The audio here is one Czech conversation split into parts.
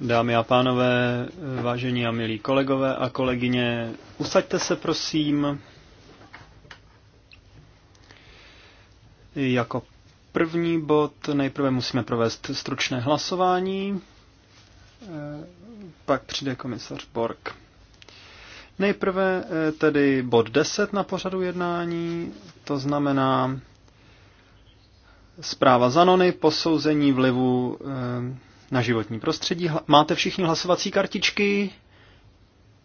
Dámy a pánové, vážení a milí kolegové a kolegyně, usaďte se prosím. Jako první bod nejprve musíme provést stručné hlasování, eh, pak přijde komisař Borg. Nejprve eh, tedy bod 10 na pořadu jednání, to znamená Zpráva Zanony, posouzení vlivu eh, na životní prostředí. Máte všichni hlasovací kartičky?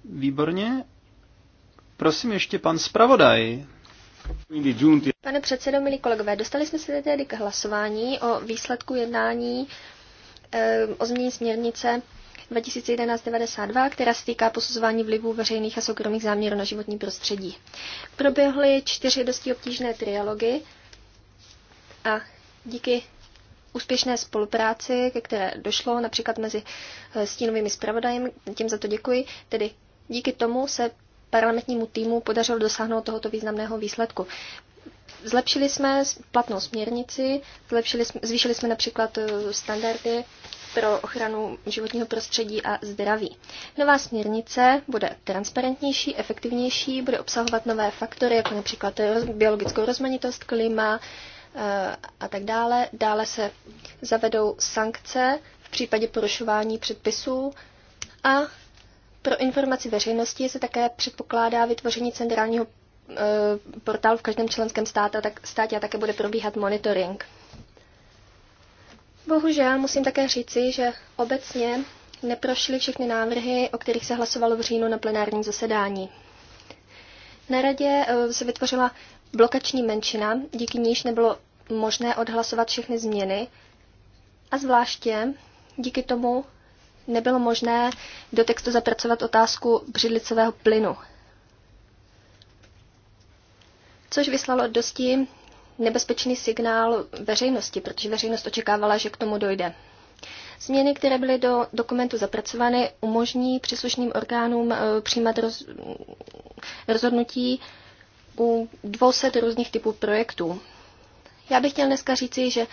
Výborně. Prosím ještě pan zpravodaj. Pane předsedo, milí kolegové, dostali jsme se tedy k hlasování o výsledku jednání eh, o změní směrnice 2011-92, která se týká posuzování vlivů veřejných a soukromých záměrů na životní prostředí. Proběhly čtyři dosti obtížné trialogy a Díky úspěšné spolupráci, ke které došlo například mezi eh, stínovými zpravodajem, tím za to děkuji, tedy díky tomu se parlamentnímu týmu podařilo dosáhnout tohoto významného výsledku. Zlepšili jsme platnou směrnici, zlepšili jsme, zvýšili jsme například eh, standardy pro ochranu životního prostředí a zdraví. Nová směrnice bude transparentnější, efektivnější, bude obsahovat nové faktory, jako například biologickou rozmanitost, klima, Eh, a tak dále. Dále se zavedou sankce v případě porušování předpisů a pro informaci veřejnosti se také předpokládá vytvoření centrálního eh, portálu v každém členském státu, tak státě a také bude probíhat monitoring. Bohužel musím také říci, že obecně neprošly všechny návrhy, o kterých se hlasovalo v říjnu na plenárním zasedání. Na radě eh, se vytvořila blokační menšina, díky níž nebylo možné odhlasovat všechny změny a zvláště díky tomu nebylo možné do textu zapracovat otázku břidlicového plynu, což vyslalo dosti nebezpečný signál veřejnosti, protože veřejnost očekávala, že k tomu dojde. Změny, které byly do dokumentu zapracovány, umožní příslušným orgánům eh, přijímat roz, rozhodnutí u 200 různých typů projektů. Já bych chtěl dneska říci, že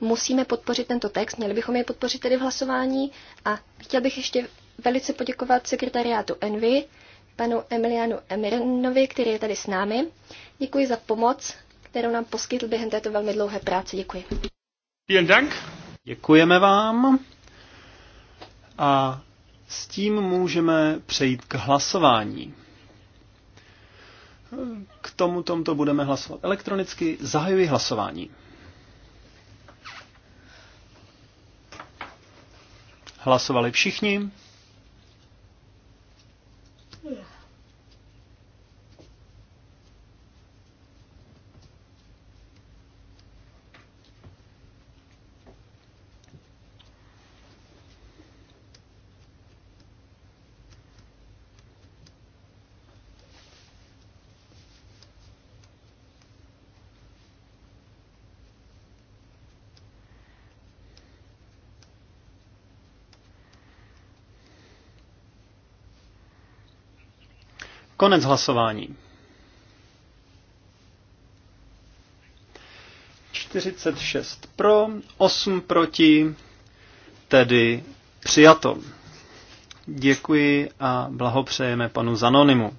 musíme podpořit tento text, měli bychom jej podpořit tedy v hlasování a chtěl bych ještě velice poděkovat sekretariátu Envy, panu Emilianu Emirnovi, který je tady s námi. Děkuji za pomoc, kterou nám poskytl během této velmi dlouhé práce. Děkuji. Vielen Dank. Děkujeme vám. A s tím můžeme přejít k hlasování. K tomu tomto budeme hlasovat elektronicky. Zahajuji hlasování. Hlasovali všichni. Konec hlasování. 46 pro, 8 proti, tedy přijato. Děkuji a blahopřejeme panu Zanonimu.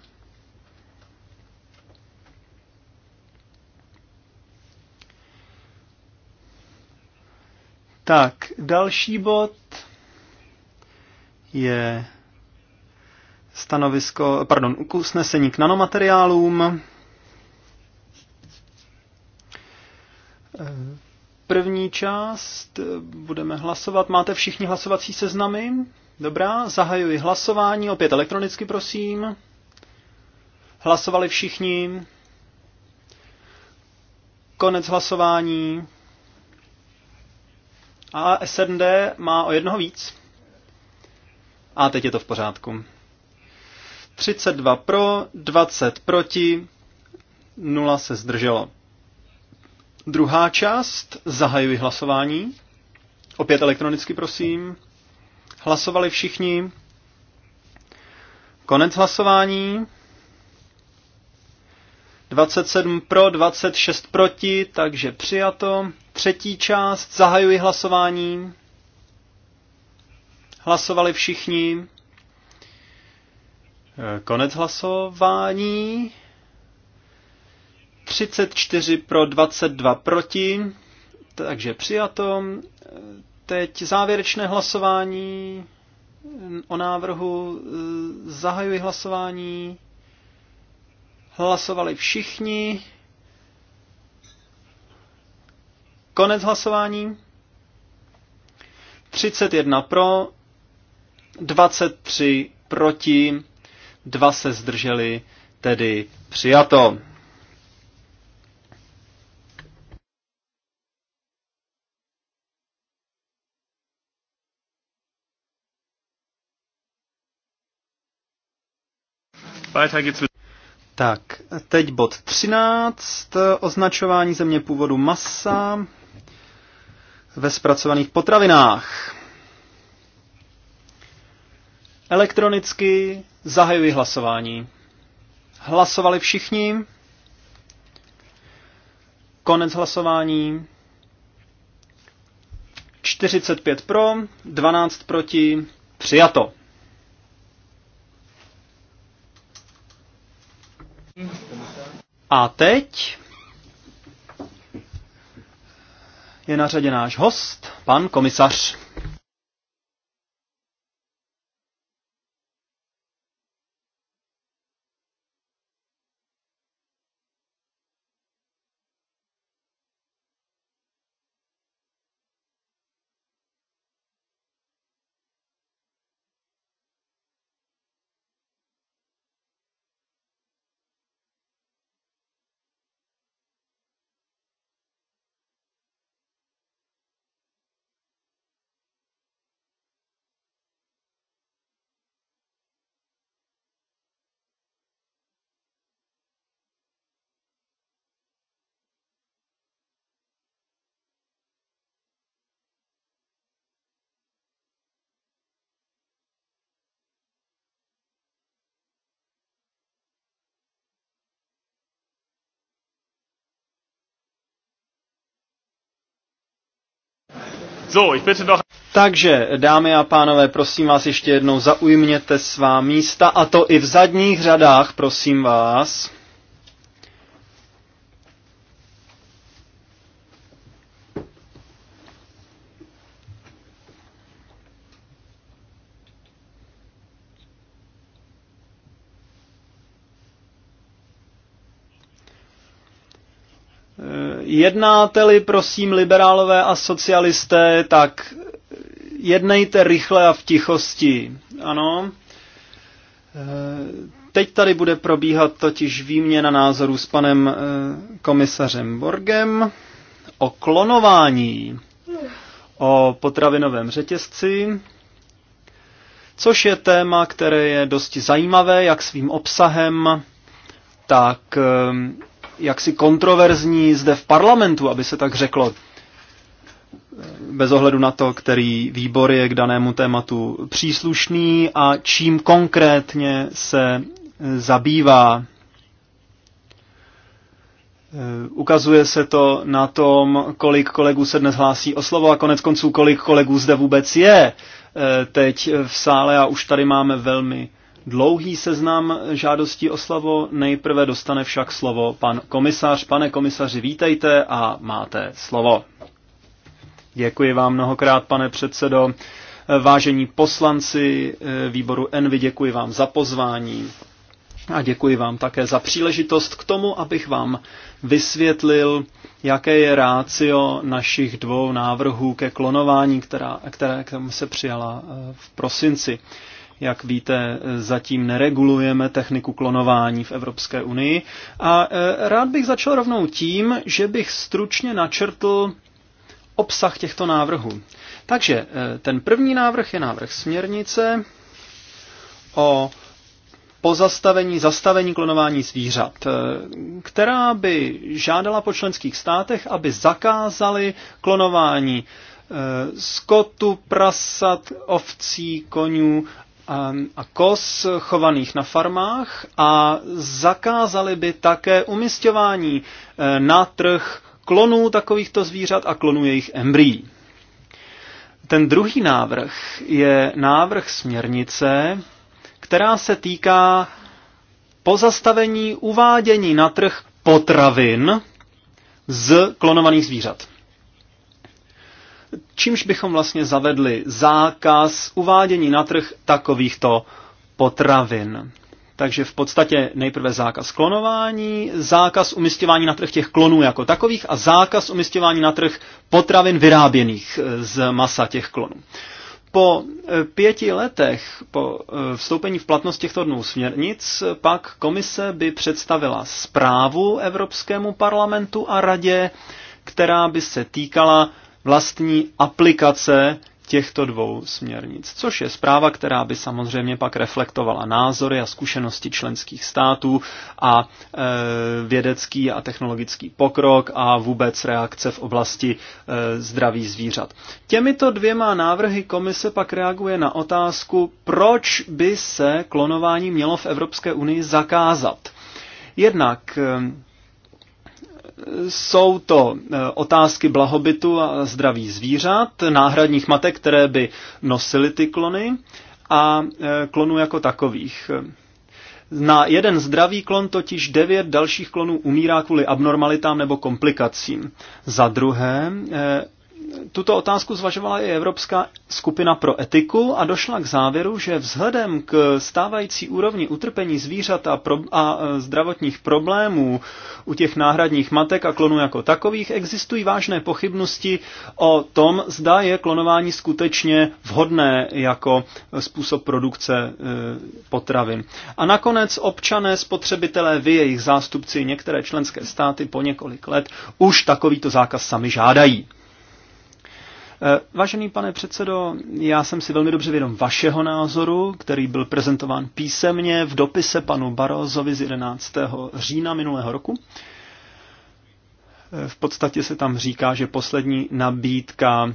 Tak, další bod je stanovisko, pardon, k usnesení k nanomateriálům. První část budeme hlasovat. Máte všichni hlasovací seznamy? Dobrá, zahajuji hlasování, opět elektronicky prosím. Hlasovali všichni. Konec hlasování. A SND má o jednoho víc. A teď je to v pořádku. 32 pro, 20 proti, 0 se zdrželo. Druhá část, zahajuji hlasování. Opět elektronicky, prosím. Hlasovali všichni. Konec hlasování. 27 pro, 26 proti, takže přijato. Třetí část, zahajuji hlasování. Hlasovali všichni. Konec hlasování. 34 pro 22 proti, takže přijato. Teď závěrečné hlasování o návrhu. Zahajuji hlasování. Hlasovali všichni. Konec hlasování. 31 pro, 23 proti dva se zdrželi, tedy přijato. Tak, teď bod 13, označování země původu masa ve zpracovaných potravinách. Elektronicky zahajuji hlasování. Hlasovali všichni. Konec hlasování. 45 pro, 12 proti, přijato. A teď je na řadě náš host, pan komisař. So, ich bitte Takže, dámy a pánové, prosím vás ještě jednou, zaujměte svá místa, a to i v zadních řadách, prosím vás. Jednáte-li, prosím, liberálové a socialisté, tak jednejte rychle a v tichosti. Ano. Eh, teď tady bude probíhat totiž výměna názorů s panem eh, komisařem Borgem o klonování, o potravinovém řetězci, což je téma, které je dosti zajímavé, jak svým obsahem, tak eh, jaksi kontroverzní zde v parlamentu, aby se tak řeklo, bez ohledu na to, který výbor je k danému tématu příslušný a čím konkrétně se e, zabývá. E, ukazuje se to na tom, kolik kolegů se dnes hlásí o slovo a konec konců, kolik kolegů zde vůbec je e, teď v sále a už tady máme velmi dlouhý seznam žádostí o slovo, nejprve dostane však slovo pan komisař. Pane komisaři, vítejte a máte slovo. Děkuji vám mnohokrát, pane předsedo. Vážení poslanci eh, výboru Envy, děkuji vám za pozvání a děkuji vám také za příležitost k tomu, abych vám vysvětlil, jaké je rácio našich dvou návrhů ke klonování, která, která, které se přijala eh, v prosinci. Jak víte, zatím neregulujeme techniku klonování v Evropské unii. A e, rád bych začal rovnou tím, že bych stručně načrtl obsah těchto návrhů. Takže e, ten první návrh je návrh směrnice o pozastavení, zastavení klonování zvířat, e, která by žádala po členských státech, aby zakázali klonování skotu, prasat, ovcí, konů Um, a kos chovaných na farmách a zakázali by také umistování uh, na trh klonů takovýchto zvířat a klonů jejich embryí. Ten druhý návrh je návrh směrnice, která se týká pozastavení uvádění na trh potravin z klonovaných zvířat čímž bychom vlastně zavedli zákaz uvádění na trh takovýchto potravin. Takže v podstatě nejprve zákaz klonování, zákaz umistěvání na trh těch klonů jako takových a zákaz umistěvání na trh potravin vyráběných e, z masa těch klonů. Po e, pěti letech po e, vstoupení v platnost těchto dnů směrnic pak komise by představila zprávu Evropskému parlamentu a radě, která by se týkala vlastní aplikace těchto dvou směrnic, což je zpráva, která by samozřejmě pak reflektovala názory a zkušenosti členských států a e, vědecký a technologický pokrok a vůbec reakce v oblasti e, zdraví zvířat. Těmito dvěma návrhy komise pak reaguje na otázku, proč by se klonování mělo v Evropské unii zakázat. Jednak e, jsou to eh, otázky blahobytu a zdraví zvířat, náhradních matek, které by nosily ty klony a eh, klonů jako takových. Na jeden zdravý klon totiž devět dalších klonů umírá kvůli abnormalitám nebo komplikacím. Za druhé, eh, tuto otázku zvažovala i Evropská skupina pro etiku a došla k závěru, že vzhledem k stávající úrovni utrpení zvířat a, pro, a e, zdravotních problémů u těch náhradních matek a klonů jako takových existují vážné pochybnosti o tom, zda je klonování skutečně vhodné jako způsob produkce e, potravin. A nakonec občané, spotřebitelé, vy, jejich zástupci, některé členské státy po několik let už takovýto zákaz sami žádají. Eh, vážený pane předsedo, já jsem si velmi dobře vědom vašeho názoru, který byl prezentován písemně v dopise panu Barozovi z 11. října minulého roku. Eh, v podstatě se tam říká, že poslední nabídka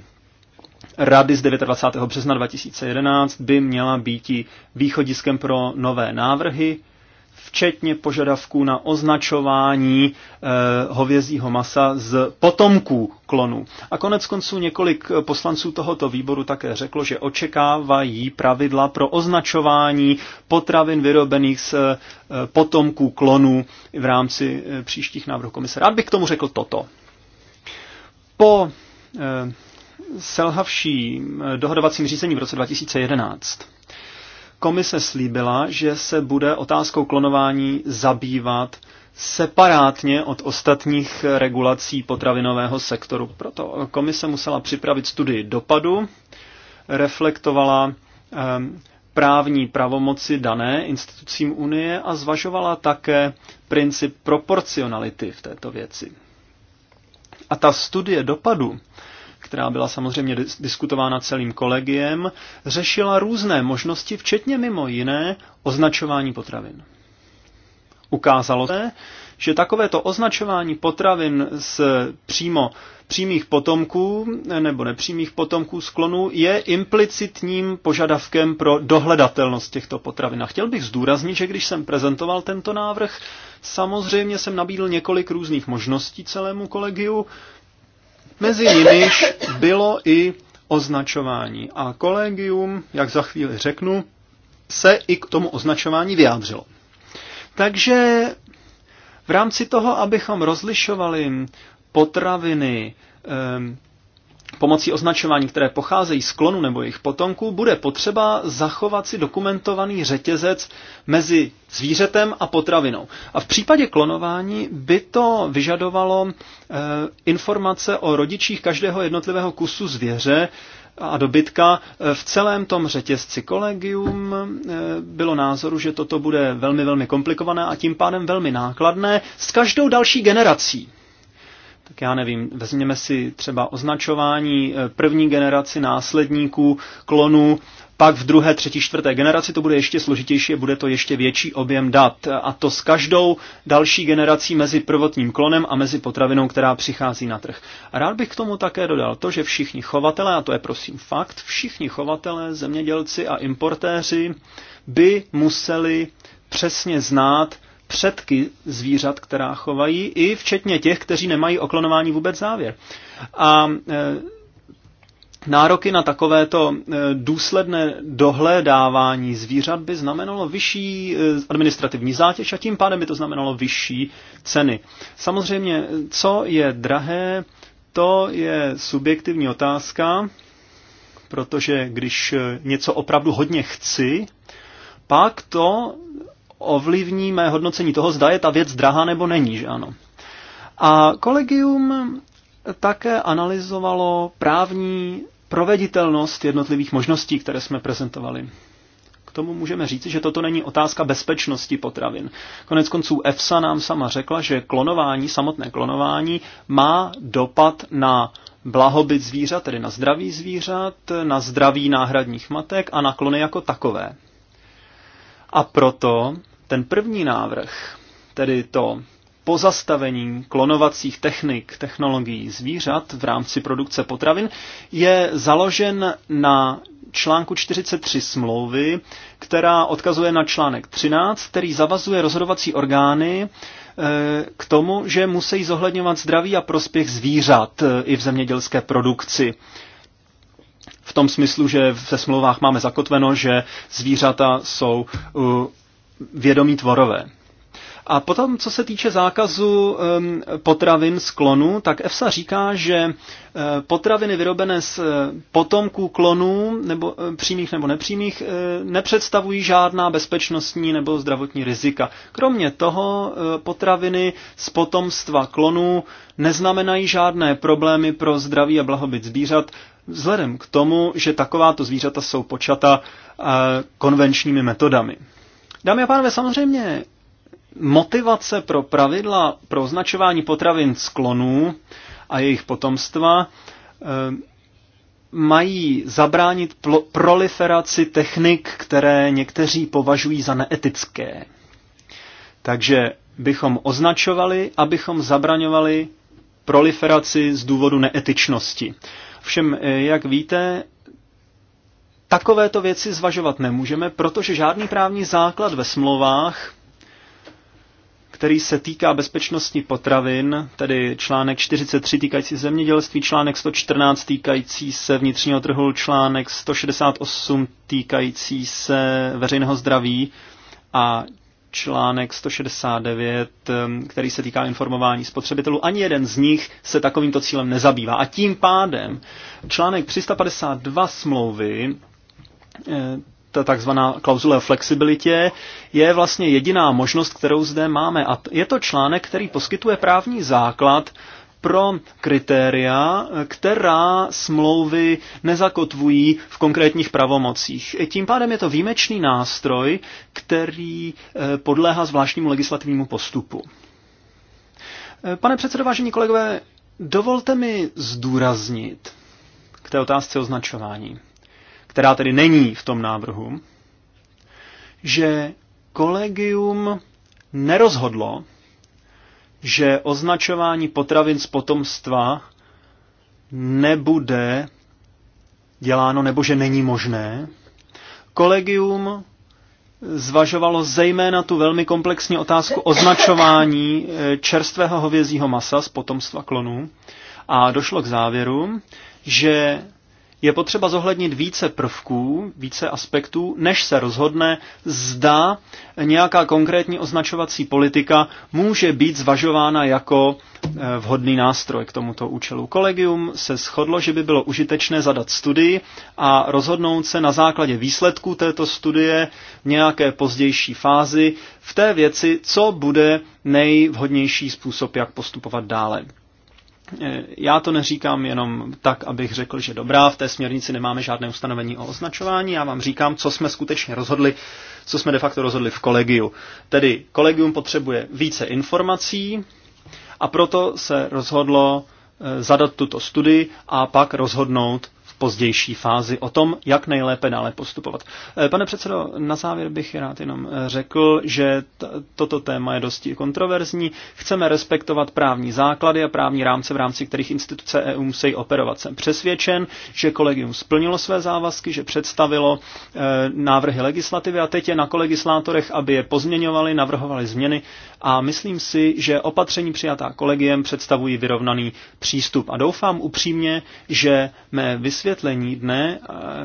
Rady z 29. března 2011 by měla být východiskem pro nové návrhy, včetně požadavků na označování e, hovězího masa z potomků klonů. A konec konců několik poslanců tohoto výboru také řeklo, že očekávají pravidla pro označování potravin vyrobených z e, potomků klonů v rámci e, příštích návrhů komise. Rád bych k tomu řekl toto. Po e, selhavším dohodovacím řízení v roce 2011 Komise slíbila, že se bude otázkou klonování zabývat separátně od ostatních regulací potravinového sektoru. Proto komise musela připravit studii dopadu, reflektovala um, právní pravomoci dané institucím Unie a zvažovala také princip proporcionality v této věci. A ta studie dopadu která byla samozřejmě diskutována celým kolegiem, řešila různé možnosti, včetně mimo jiné označování potravin. Ukázalo se, že takovéto označování potravin z přímo přímých potomků nebo nepřímých potomků sklonu je implicitním požadavkem pro dohledatelnost těchto potravin. A chtěl bych zdůraznit, že když jsem prezentoval tento návrh, samozřejmě jsem nabídl několik různých možností celému kolegiu, Mezi nimiž bylo i označování a kolegium, jak za chvíli řeknu, se i k tomu označování vyjádřilo. Takže v rámci toho, abychom rozlišovali potraviny, pomocí označování, které pocházejí z klonu nebo jejich potomků, bude potřeba zachovat si dokumentovaný řetězec mezi zvířetem a potravinou. A v případě klonování by to vyžadovalo e, informace o rodičích každého jednotlivého kusu zvěře a dobytka eh, v celém tom řetězci kolegium eh, bylo názoru, že toto bude velmi, velmi komplikované a tím pádem velmi nákladné s každou další generací tak já nevím, vezměme si třeba označování eh, první generaci následníků, klonů, pak v druhé, třetí, čtvrté generaci to bude ještě složitější, bude to ještě větší objem dat. A to s každou další generací mezi prvotním klonem a mezi potravinou, která přichází na trh. A rád bych k tomu také dodal to, že všichni chovatelé, a to je prosím fakt, všichni chovatelé, zemědělci a importéři by museli přesně znát předky zvířat, která chovají, i včetně těch, kteří nemají oklonování vůbec závěr. A e, Nároky na takovéto e, důsledné dohledávání zvířat by znamenalo vyšší e, administrativní zátěž a tím pádem by to znamenalo vyšší ceny. Samozřejmě, co je drahé, to je subjektivní otázka, protože když něco opravdu hodně chci, pak to ovlivní mé hodnocení toho, zda je ta věc drahá nebo není, že ano. A kolegium také analyzovalo právní proveditelnost jednotlivých možností, které jsme prezentovali. K tomu můžeme říci, že toto není otázka bezpečnosti potravin. Konec konců EFSA nám sama řekla, že klonování, samotné klonování, má dopad na blahobyt zvířat, tedy na zdraví zvířat, na zdraví náhradních matek a na klony jako takové. A proto ten první návrh, tedy to pozastavení klonovacích technik, technologií zvířat v rámci produkce potravin, je založen na článku 43 smlouvy, která odkazuje na článek 13, který zavazuje rozhodovací orgány eh, k tomu, že musí zohledňovat zdraví a prospěch zvířat eh, i v zemědělské produkci. V tom smyslu, že ve smlouvách máme zakotveno, že zvířata jsou eh, vědomí tvorové. A potom, co se týče zákazu potravin z klonu, tak EFSA říká, že eh, potraviny vyrobené z eh, potomků klonů, nebo eh, přímých nebo nepřímých, nepředstavují žádná bezpečnostní nebo zdravotní rizika. Kromě toho potraviny z potomstva klonů neznamenají žádné problémy pro zdraví a blahobyt zvířat, vzhledem k tomu, že takováto zvířata jsou počata konvenčními metodami. Dámy a pánové, samozřejmě motivace pro pravidla pro označování potravin sklonů a jejich potomstva eh, mají zabránit proliferaci technik, které někteří považují za neetické. Takže bychom označovali, abychom zabraňovali proliferaci z důvodu neetičnosti. Všem, eh, jak víte, takovéto věci zvažovat nemůžeme, protože žádný právní základ ve smlouvách, který se týká bezpečnosti potravin, tedy článek 43 týkající se zemědělství, článek 114 týkající se vnitřního trhu, článek 168 týkající se veřejného zdraví a článek 169, ehm, který se týká informování spotřebitelů. Ani jeden z nich se takovýmto cílem nezabývá. A tím pádem článek 352 smlouvy Eh, ta takzvaná klauzule o flexibilitě, je vlastně jediná možnost, kterou zde máme. A je to článek, který poskytuje právní základ pro kritéria, eh, která smlouvy nezakotvují v konkrétních pravomocích. Eh, tím pádem je to výjimečný nástroj, který podléhá zvláštnímu legislativnímu postupu. Pane předsedo, vážení kolegové, dovolte mi zdůraznit k té otázce označování která tedy není v tom návrhu, že kolegium nerozhodlo, že označování potravin z potomstva nebude děláno nebo že není možné. Kolegium zvažovalo zejména tu velmi komplexní otázku označování eh, čerstvého hovězího masa z potomstva klonů a došlo k závěru, že je potřeba zohlednit více prvků, více aspektů, než se rozhodne, zda nějaká konkrétní označovací politika může být zvažována jako eh, vhodný nástroj k tomuto účelu. Kolegium se shodlo, že by bylo užitečné zadat studii a rozhodnout se na základě výsledků této studie v nějaké pozdější fázi v té věci, co bude nejvhodnější způsob, jak postupovat dále. Eh, já to neříkám jenom tak, abych řekl, že dobrá, v té směrnici nemáme žádné ustanovení o označování, já vám říkám, co jsme skutečně rozhodli, co jsme de facto rozhodli v kolegiu. Tedy kolegium potřebuje více informací a proto se rozhodlo eh, zadat tuto studii a pak rozhodnout, pozdější fázi o tom, jak nejlépe dále postupovat. Eh, pane předsedo, na závěr bych rád jenom eh, řekl, že toto téma je dosti kontroverzní. Chceme respektovat právní základy a právní rámce, v rámci kterých instituce EU musí operovat. Jsem přesvědčen, že kolegium splnilo své závazky, že představilo eh, návrhy legislativy a teď je na kolegislátorech, aby je pozměňovali, navrhovali změny a myslím si, že opatření přijatá kolegiem představují vyrovnaný přístup. A doufám upřímně, že mé vysvětlení vysvětlení dne,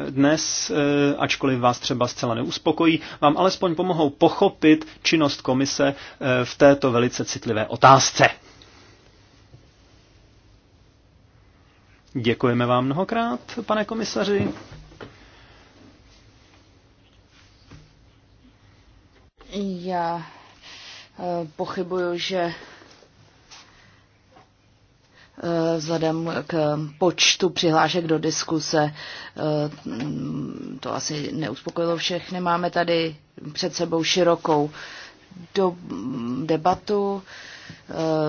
dnes, e, ačkoliv vás třeba zcela neuspokojí, vám alespoň pomohou pochopit činnost komise e, v této velice citlivé otázce. Děkujeme vám mnohokrát, pane komisaři. Já e, pochybuju, že Eh, vzhledem k počtu přihlášek do diskuse. Eh, to asi neuspokojilo všechny. Máme tady před sebou širokou do debatu,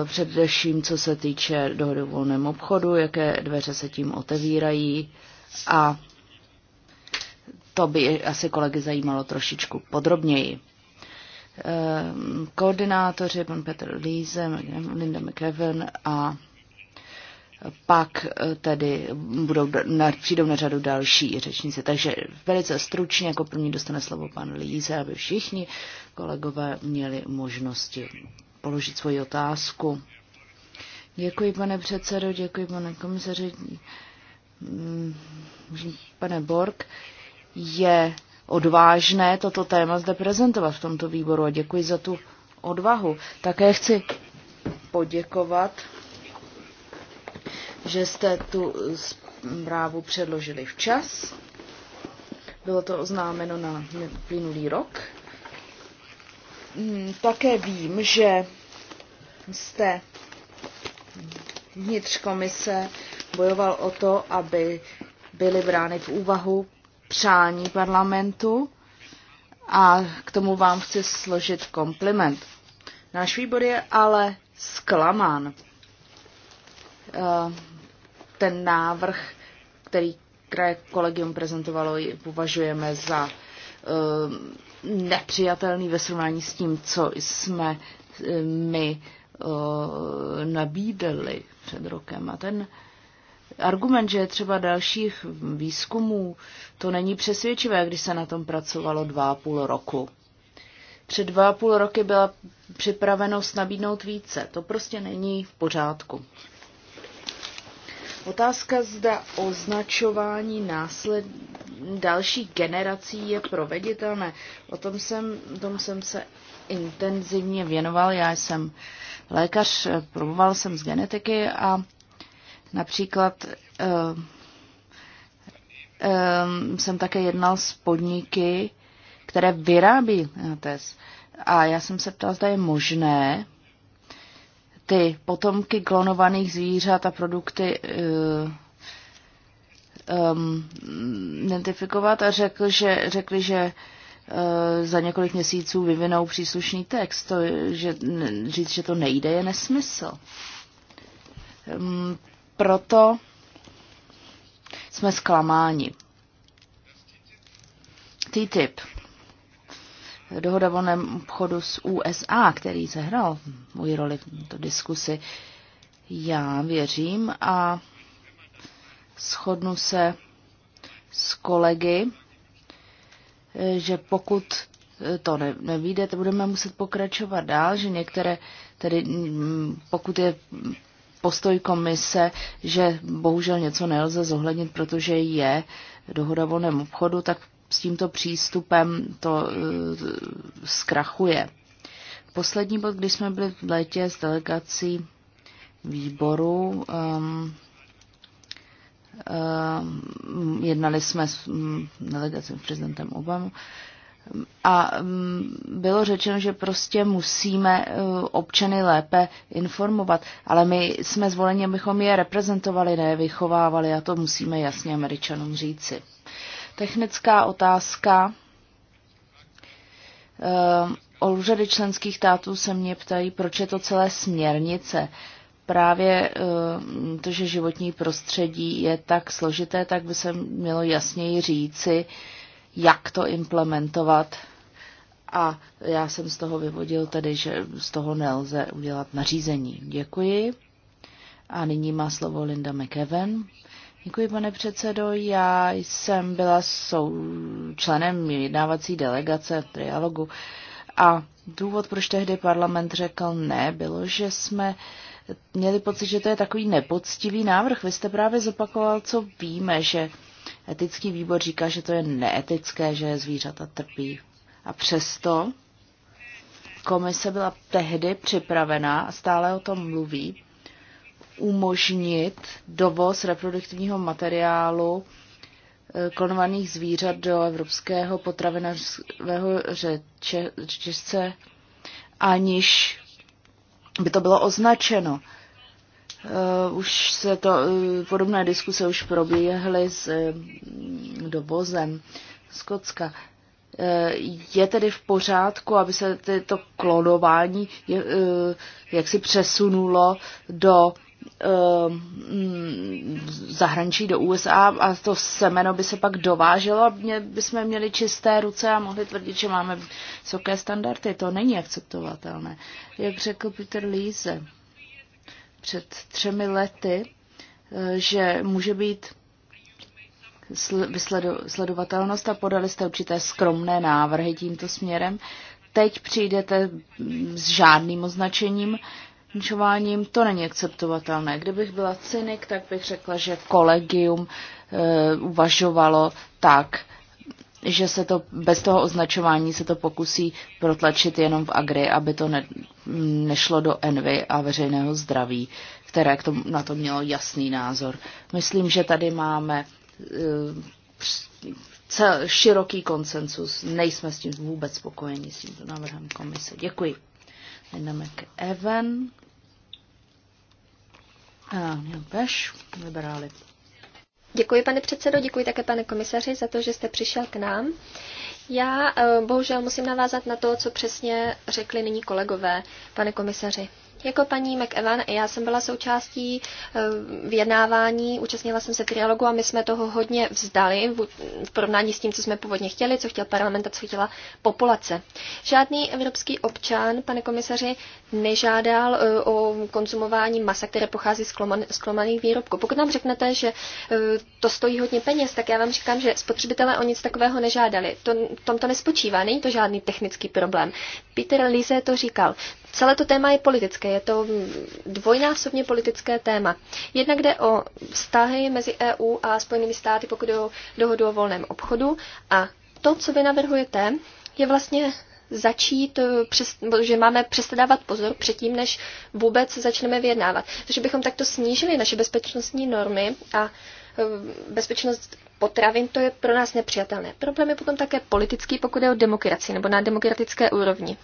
eh, především co se týče dohody o volném obchodu, jaké dveře se tím otevírají a to by asi kolegy zajímalo trošičku podrobněji koordinátoři, pan Petr Líze, Linda McKevin a pak eh, tedy budou, na, přijdou na řadu další řečníci. Takže velice stručně, jako první dostane slovo pan Líze, aby všichni kolegové měli možnosti položit svoji otázku. Děkuji, pane předsedo, děkuji, pane komisaři. Mm, pane Borg, je odvážné toto téma zde prezentovat v tomto výboru a děkuji za tu odvahu. Také chci poděkovat že jste tu zprávu předložili včas. Bylo to oznámeno na minulý rok. Hmm, také vím, že jste vnitř komise bojoval o to, aby byly brány v úvahu přání parlamentu a k tomu vám chci složit kompliment. Náš výbor je ale zklamán Eh, ten návrh, který kraje kolegium prezentovalo, považujeme za eh, nepřijatelný ve srovnání s tím, co jsme eh, my nabídli před rokem. A ten argument, že je třeba dalších výzkumů, to není přesvědčivé, když se na tom pracovalo dva a půl roku. Před dva a půl roky byla připravenost nabídnout více. To prostě není v pořádku. Otázka, zda označování násled další generací je proveditelné. O tom jsem, tom jsem se intenzivně věnoval. Já jsem lékař, proboval jsem z genetiky a například uh, um, jsem také jednal s podniky, které vyrábí eh, test. A já jsem se ptal, zda je možné ty potomky klonovaných zvířat a produkty um, identifikovat a řekl, že, řekli, že uh, za několik měsíců vyvinou příslušný text. To, že, říct, že to nejde, je nesmysl. Um, proto jsme zklamáni. TTIP dohoda o obchodu s USA, který sehrál moji roli v to diskusi, já věřím a shodnu se s kolegy, že pokud to ne, nevíde, to budeme muset pokračovat dál, že některé, tedy mm, pokud je postoj komise, že bohužel něco nelze zohlednit, protože je dohoda o obchodu, tak s tímto přístupem to eh, zkrachuje. Poslední bod, když jsme byli v létě s delegací výboru, um, um, jednali jsme s um, mm, delegacím prezidentem Obama a mm, bylo řečeno, že prostě musíme eh, občany lépe informovat, ale my jsme zvoleni, abychom je reprezentovali, ne vychovávali a to musíme jasně američanům říci. Technická otázka. Ehm, o úřady členských států se mě ptají, proč je to celé směrnice. Právě ehm, to, že životní prostředí je tak složité, tak by se mělo jasněji říci, jak to implementovat. A já jsem z toho vyvodil tedy, že z toho nelze udělat nařízení. Děkuji. A nyní má slovo Linda McEwen. Děkuji, pane předsedo. Já jsem byla sou... členem vyjednávací delegace v trialogu a důvod, proč tehdy parlament řekl ne, bylo, že jsme měli pocit, že to je takový nepoctivý návrh. Vy jste právě zopakoval, co víme, že etický výbor říká, že to je neetické, že zvířata trpí. A přesto komise byla tehdy připravená a stále o tom mluví umožnit dovoz reproduktivního materiálu eh, klonovaných zvířat do evropského potravinářského řetězce, aniž by to bylo označeno. Uh, už se to, uh, podobné diskuse už probíhaly s uh, dovozem Kocka. Uh, je tedy v pořádku, aby se to klonování uh, jak si přesunulo do Eh, mm, zahraničí do USA a to semeno by se pak dováželo a mě, by jsme měli čisté ruce a mohli tvrdit, že máme vysoké standardy. To není akceptovatelné. Jak řekl Peter Líze před třemi lety, eh, že může být sledovatelnost a podali jste určité skromné návrhy tímto směrem. Teď přijdete s žádným označením linčováním, to není akceptovatelné. Kdybych byla cynik, tak bych řekla, že kolegium e, uvažovalo tak, že se to bez toho označování se to pokusí protlačit jenom v agri, aby to ne, nešlo do envy a veřejného zdraví, které k tomu, na to mělo jasný názor. Myslím, že tady máme e, cel, široký konsensus. Nejsme s tím vůbec spokojeni s tímto návrhem komise. Děkuji. Linda Evan, a Peš, vybrali. Děkuji, pane předsedo, děkuji také, pane komisaři, za to, že jste přišel k nám. Já eh, bohužel musím navázat na to, co přesně řekli nyní kolegové, pane komisaři. Jako paní McEvan, já jsem byla součástí eh, vyjednávání, účastnila jsem se trialogu a my jsme toho hodně vzdali v porovnání s tím, co jsme původně chtěli, co chtěl parlament a co chtěla populace. Žádný evropský občan, pane komisaři, nežádal eh, o konzumování masa, které pochází z klomaných výrobků. Pokud nám řeknete, že eh, to stojí hodně peněz, tak já vám říkám, že spotřebitelé o nic takového nežádali. To, tom to nespočívá, není to žádný technický problém. Peter Lise to říkal. Celé to téma je politické, je to dvojnásobně politické téma. Jednak jde o vztahy mezi EU a Spojenými státy, pokud jde o dohodu o volném obchodu. A to, co vy navrhujete, je vlastně začít, eh, přes, že máme přestávat pozor předtím, než vůbec začneme vyjednávat. Takže bychom takto snížili naše bezpečnostní normy a eh, bezpečnost potravin, to je pro nás nepřijatelné. Problém je potom také politický, pokud je o demokracii nebo na demokratické úrovni.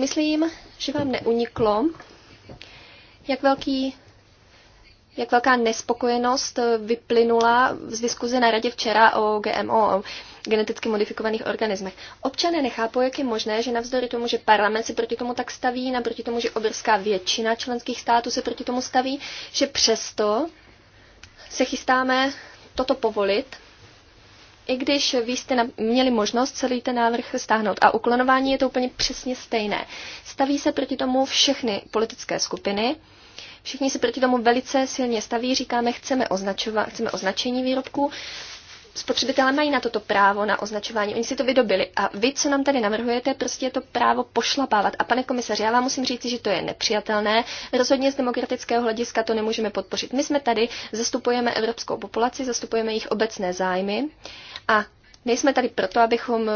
Myslím, že vám neuniklo, jak, velký, jak velká nespokojenost vyplynula z diskuze na radě včera o GMO, o geneticky modifikovaných organismech. Občané nechápou, jak je možné, že navzdory tomu, že parlament se proti tomu tak staví, naproti tomu, že obrovská většina členských států se proti tomu staví, že přesto se chystáme toto povolit i když vy jste na, měli možnost celý ten návrh stáhnout. A uklonování je to úplně přesně stejné. Staví se proti tomu všechny politické skupiny, všichni se proti tomu velice silně staví, říkáme, chceme, označova, chceme označení výrobků, spotřebitelé mají na toto právo na označování. Oni si to vydobili. A vy, co nám tady navrhujete, prostě je to právo pošlapávat. A pane komisaři, já vám musím říct, že to je nepřijatelné. Rozhodně z demokratického hlediska to nemůžeme podpořit. My jsme tady, zastupujeme evropskou populaci, zastupujeme jejich obecné zájmy. A Nejsme tady proto, abychom eh,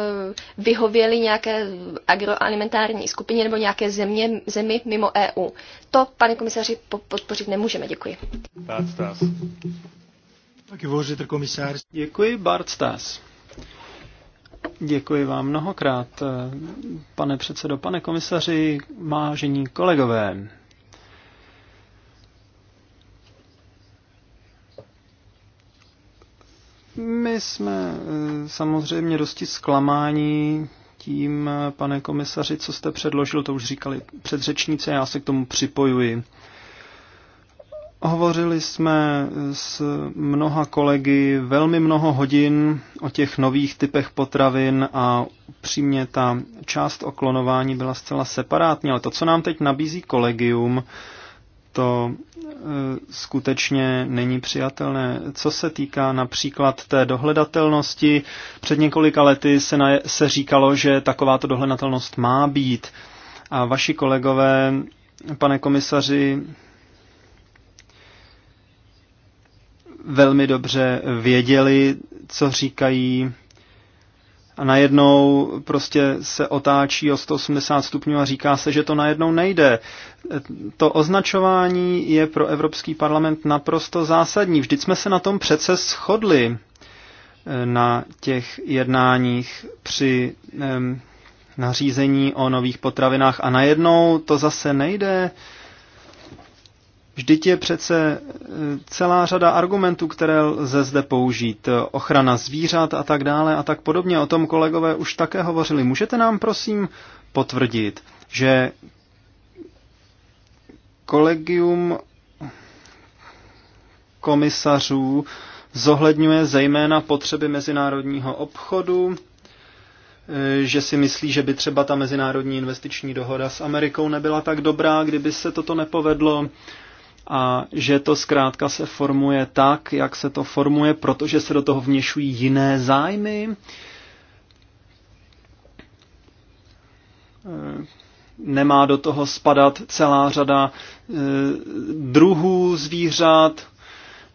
vyhověli nějaké agroalimentární skupině nebo nějaké země, zemi mimo EU. To, pane komisaři, podpořit nemůžeme. Děkuji. That's, that's. Jako Děkuji, Bart Stas. Děkuji vám mnohokrát, pane předsedo, pane komisaři, mážení kolegové. My jsme eh, samozřejmě dosti zklamáni tím, eh, pane komisaři, co jste předložil, to už říkali předřečníci, já se k tomu připojuji. Hovořili jsme s mnoha kolegy velmi mnoho hodin o těch nových typech potravin a přímě ta část o klonování byla zcela separátní, ale to, co nám teď nabízí kolegium, to e, skutečně není přijatelné. Co se týká například té dohledatelnosti, před několika lety se, na, se říkalo, že takováto dohledatelnost má být. A vaši kolegové, pane komisaři, velmi dobře věděli, co říkají a najednou prostě se otáčí o 180 stupňů a říká se, že to najednou nejde. To označování je pro Evropský parlament naprosto zásadní. Vždyť jsme se na tom přece shodli eh, na těch jednáních při nařízení o nových potravinách a najednou to zase nejde. Vždyť je přece eh, celá řada argumentů, které lze zde použít. Ochrana zvířat a tak dále a tak podobně. O tom kolegové už také hovořili. Můžete nám prosím potvrdit, že kolegium komisařů zohledňuje zejména potřeby mezinárodního obchodu, eh, že si myslí, že by třeba ta mezinárodní investiční dohoda s Amerikou nebyla tak dobrá, kdyby se toto nepovedlo, a že to zkrátka se formuje tak, jak se to formuje, protože se do toho vněšují jiné zájmy. E, nemá do toho spadat celá řada e, druhů zvířat,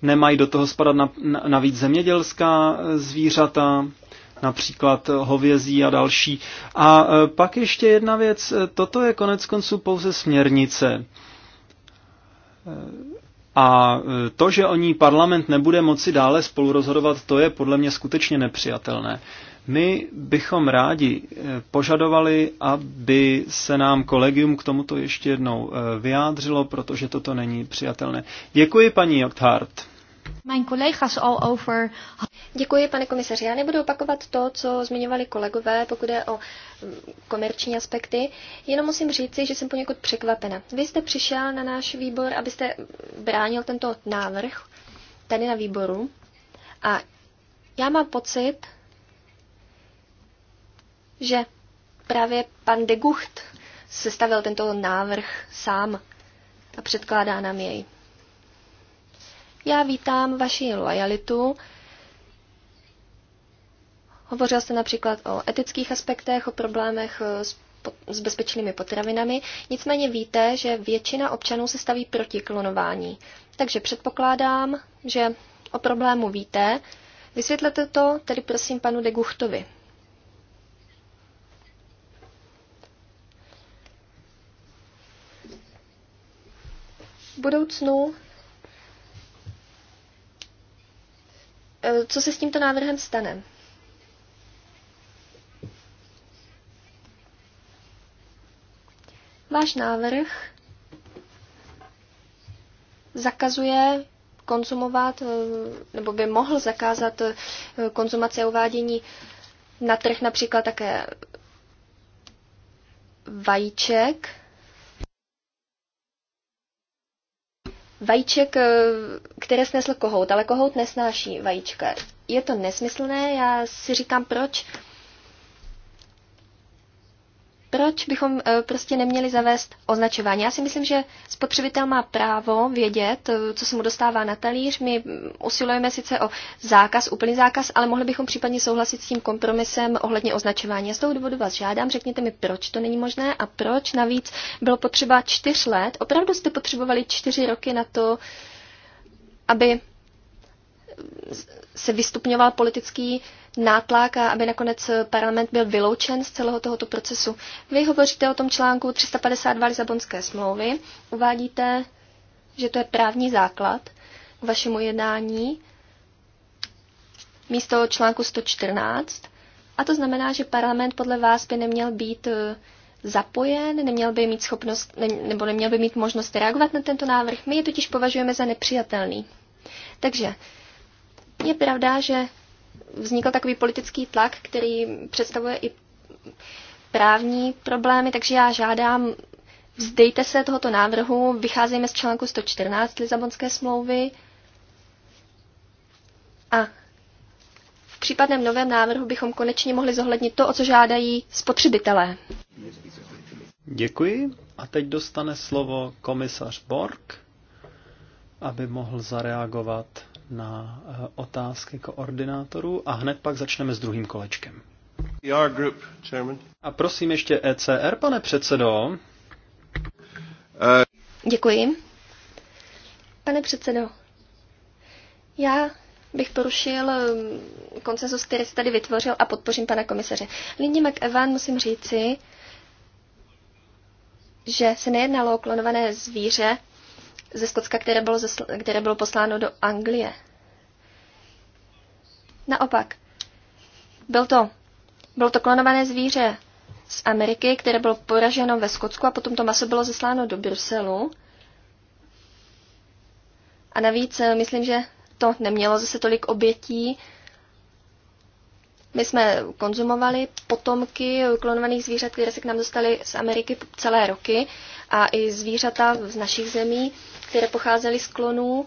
nemají do toho spadat navíc zemědělská e, zvířata, například hovězí a další. A pak ještě jedna věc, toto je konec konců pouze směrnice. A e, to, že o ní parlament nebude moci dále spolurozhodovat, to je podle mě skutečně nepřijatelné. My bychom rádi e, požadovali, aby se nám kolegium k tomuto ještě jednou e, vyjádřilo, protože toto není přijatelné. Děkuji paní Jokthardt. Mijn collega's al over... Děkuji, pane komisaři. Já nebudu opakovat to, co zmiňovali kolegové, pokud je o mm, komerční aspekty. Jenom musím říci, že jsem poněkud překvapena. Vy jste přišel na náš výbor, abyste bránil tento návrh tady na výboru. A já mám pocit, že právě pan de Gucht sestavil tento návrh sám a předkládá nám jej. Já vítám vaši lojalitu. Hovořil jste například o etických aspektech, o problémech eh, s, s bezpečnými potravinami, nicméně víte, že většina občanů se staví proti klonování. Takže předpokládám, že o problému víte. Vysvětlete to tedy prosím panu de Guchtovi. V budoucnu Eh, co se s tímto návrhem stane? Váš návrh zakazuje konzumovat, eh, nebo by mohl zakázat eh, konzumace a uvádění na trh například také vajíček, vajíček, eh, které snesl kohout, ale kohout nesnáší vajíčka. Je to nesmyslné, já si říkám, proč proč bychom eh, prostě neměli zavést označování? Já si myslím, že spotřebitel má právo vědět, eh, co se mu dostává na talíř. My mm, usilujeme sice o zákaz, úplný zákaz, ale mohli bychom případně souhlasit s tím kompromisem ohledně označování. Já z toho důvodu vás žádám, řekněte mi, proč to není možné a proč navíc bylo potřeba čtyř let. Opravdu jste potřebovali čtyři roky na to, aby se vystupňoval politický nátlak a aby nakonec parlament byl vyloučen z celého tohoto procesu. Vy hovoříte o tom článku 352 Lisabonské smlouvy, uvádíte, že to je právní základ k vašemu jednání místo článku 114. A to znamená, že parlament podle vás by neměl být eh, zapojen, neměl by mít schopnost, nebo neměl by mít možnost reagovat na tento návrh. My je totiž považujeme za nepřijatelný. Takže je pravda, že vznikl takový politický tlak, který představuje i právní problémy, takže já žádám, vzdejte se tohoto návrhu, vycházíme z článku 114 Lizabonské smlouvy a v případném novém návrhu bychom konečně mohli zohlednit to, o co žádají spotřebitelé. Děkuji. A teď dostane slovo komisař Borg aby mohl zareagovat na eh, otázky koordinátorů a hned pak začneme s druhým kolečkem. E Group, a prosím ještě ECR, pane předsedo. Uh... Děkuji. Pane předsedo, já bych porušil eh, koncenzus, který se tady vytvořil a podpořím pana komisaře. Lindy McEvan musím říci, že se nejednalo o klonované zvíře, ze Skotska, které bylo, zesl- které bylo posláno do Anglie. Naopak, byl to, bylo to klonované zvíře z Ameriky, které bylo poraženo ve Skotsku a potom to maso bylo zasláno do Bruselu. A navíc eh, myslím, že to nemělo zase tolik obětí, my jsme konzumovali potomky klonovaných zvířat, které se k nám dostaly z Ameriky celé roky a i zvířata z našich zemí, které pocházely z klonů.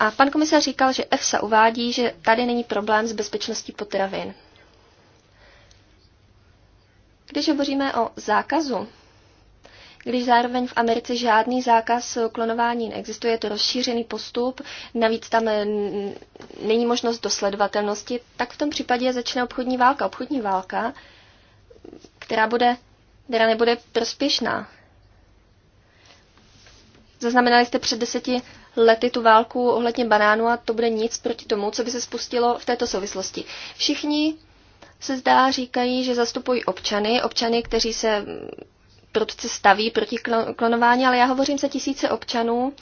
A pan komisař říkal, že EFSA uvádí, že tady není problém s bezpečností potravin. Když hovoříme o zákazu když zároveň v Americe žádný zákaz klonování neexistuje, je to rozšířený postup, navíc tam eh, není možnost dosledovatelnosti, tak v tom případě začne obchodní válka. Obchodní válka, která, bude, která nebude prospěšná. Zaznamenali jste před deseti lety tu válku ohledně banánu a to bude nic proti tomu, co by se spustilo v této souvislosti. Všichni se zdá říkají, že zastupují občany, občany, kteří se Protože se staví proti klonování, ale já hovořím se tisíce občanů,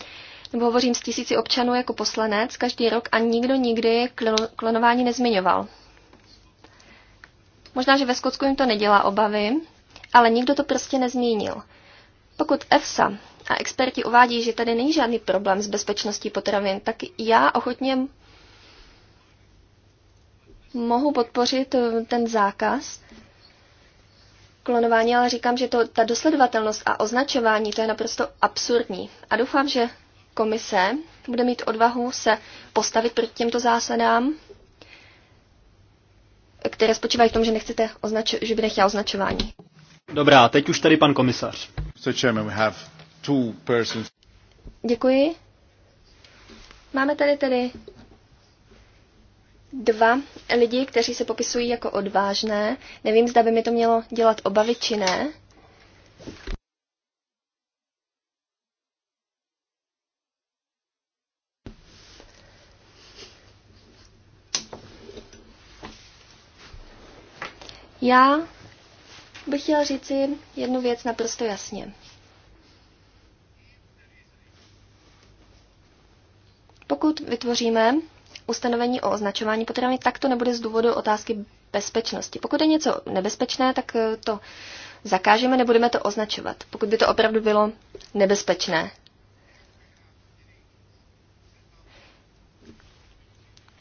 nebo hovořím s tisíci občanů jako poslanec každý rok a nikdo nikdy klonování nezmiňoval. Možná, že ve Skotsku jim to nedělá obavy, ale nikdo to prostě nezmínil. Pokud EFSA a experti uvádí, že tady není žádný problém s bezpečností potravin, tak já ochotně mohu podpořit eh, ten zákaz, klonování, ale říkám, že to, ta dosledovatelnost a označování, to je naprosto absurdní. A doufám, že komise bude mít odvahu se postavit proti těmto zásadám, které spočívají v tom, že, nechcete označ- že by nechtěla označování. Dobrá, teď už tady pan komisař. Děkuji. Máme tady tedy dva lidi, kteří se popisují jako odvážné. Nevím, zda by mi to mělo dělat obavy či ne. Já bych chtěla říci jednu věc naprosto jasně. Pokud vytvoříme ustanovení o označování potravin, tak to nebude z důvodu otázky bezpečnosti. Pokud je něco nebezpečné, tak eh, to zakážeme, nebudeme to označovat, pokud by to opravdu bylo nebezpečné.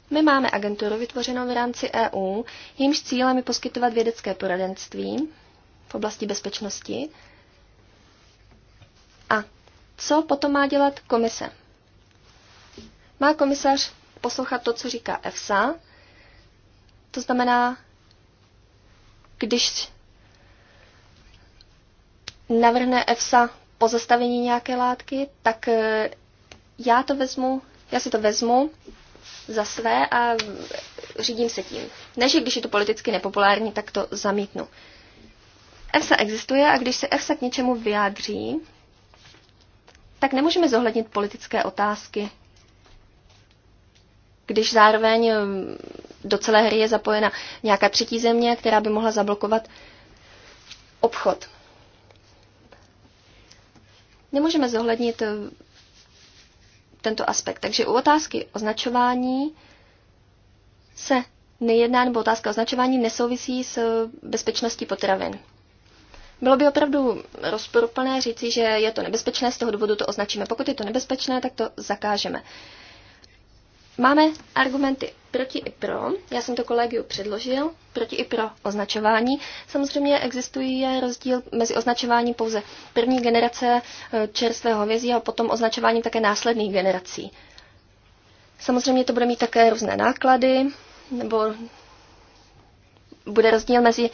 My máme agenturu vytvořenou v rámci EU, jejímž cílem je poskytovat vědecké poradenství v oblasti bezpečnosti. A co potom má dělat komise? Má komisař poslouchat to, co říká EFSA. To znamená, když navrhne EFSA pozastavení nějaké látky, tak eh, já to vezmu, já si to vezmu za své a řídím se tím. Ne, že když je to politicky nepopulární, tak to zamítnu. EFSA existuje a když se EFSA k něčemu vyjádří, tak nemůžeme zohlednit politické otázky když zároveň eh, do celé hry je zapojena nějaká třetí země, která by mohla zablokovat obchod. Nemůžeme zohlednit eh, tento aspekt. Takže u otázky označování se nejedná, nebo otázka označování nesouvisí s eh, bezpečností potravin. Bylo by opravdu rozporuplné říci, že je to nebezpečné, z toho důvodu to označíme. Pokud je to nebezpečné, tak to zakážeme. Máme argumenty proti i pro. Já jsem to kolegiu předložil. Proti i pro označování. Samozřejmě existuje rozdíl mezi označováním pouze první generace e, čerstvého hovězí a potom označováním také následných generací. Samozřejmě to bude mít také různé náklady, nebo bude rozdíl mezi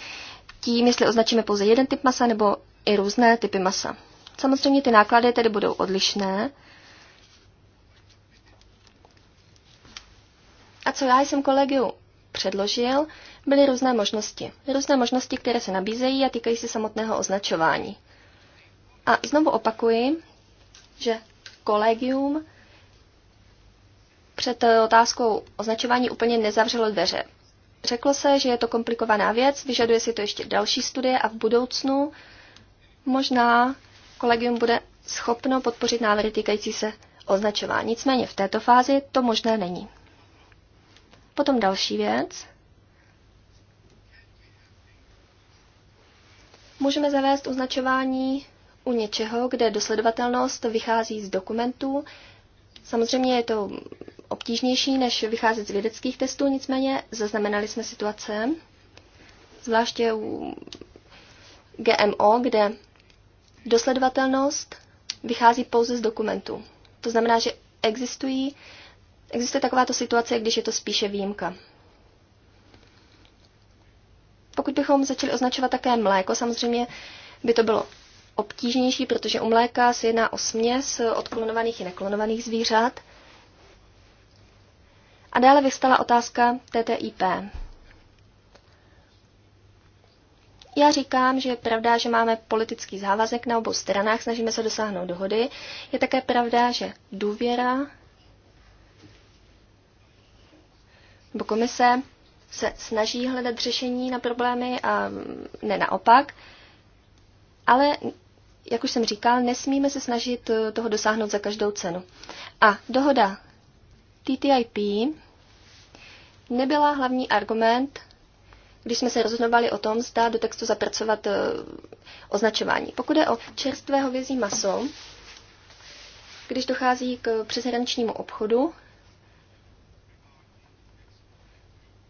tím, jestli označíme pouze jeden typ masa nebo i různé typy masa. Samozřejmě ty náklady tedy budou odlišné. A co já jsem kolegiu předložil, byly různé možnosti. Různé možnosti, které se nabízejí a týkají se samotného označování. A znovu opakuji, že kolegium před otázkou označování úplně nezavřelo dveře. Řeklo se, že je to komplikovaná věc, vyžaduje si to ještě další studie a v budoucnu možná kolegium bude schopno podpořit návrhy týkající se označování. Nicméně v této fázi to možné není. Potom další věc. Můžeme zavést označování u něčeho, kde dosledovatelnost vychází z dokumentů. Samozřejmě je to obtížnější, než vycházet z vědeckých testů, nicméně zaznamenali jsme situace, zvláště u GMO, kde dosledovatelnost vychází pouze z dokumentů. To znamená, že existují Existuje takováto situace, když je to spíše výjimka. Pokud bychom začali označovat také mléko, samozřejmě by to bylo obtížnější, protože u mléka se jedná o směs od klonovaných i neklonovaných zvířat. A dále vystala otázka TTIP. Já říkám, že je pravda, že máme politický závazek na obou stranách, snažíme se dosáhnout dohody. Je také pravda, že důvěra nebo komise se snaží hledat řešení na problémy a ne naopak, ale jak už jsem říkal, nesmíme se snažit eh, toho dosáhnout za každou cenu. A dohoda TTIP nebyla hlavní argument, když jsme se rozhodovali o tom, zda do textu zapracovat eh, označování. Pokud je o čerstvé hovězí maso, když dochází k eh, přeshraničnímu obchodu,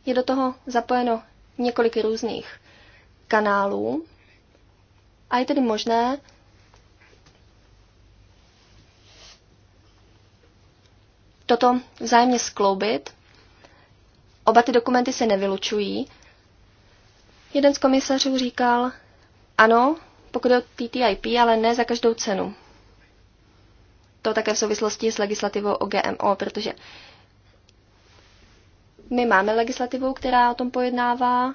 Je do toho zapojeno několik různých kanálů a je tedy možné toto vzájemně skloubit. Oba ty dokumenty se nevylučují. Jeden z komisařů říkal, ano, pokud je o TTIP, ale ne za každou cenu. To také v souvislosti s legislativou o GMO, protože my máme legislativu, která o tom pojednává.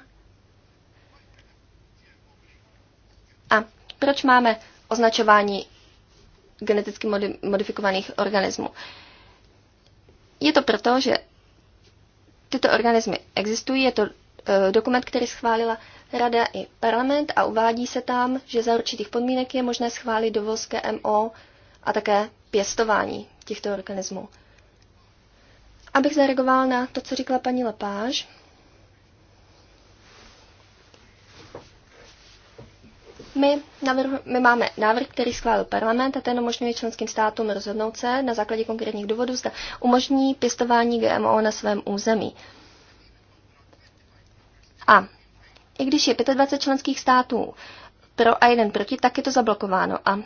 A proč máme označování geneticky modifikovaných organismů? Je to proto, že tyto organismy existují, je to e, dokument, který schválila Rada i parlament a uvádí se tam, že za určitých podmínek je možné schválit dovoz KMO a také pěstování těchto organismů. Abych zareagoval na to, co říkala paní Lepáž. My, navrhu, my máme návrh, který schválil parlament a ten umožňuje členským státům rozhodnout se na základě konkrétních důvodů, zda umožní pěstování GMO na svém území. A i když je 25 členských států pro a jeden proti, tak je to zablokováno. A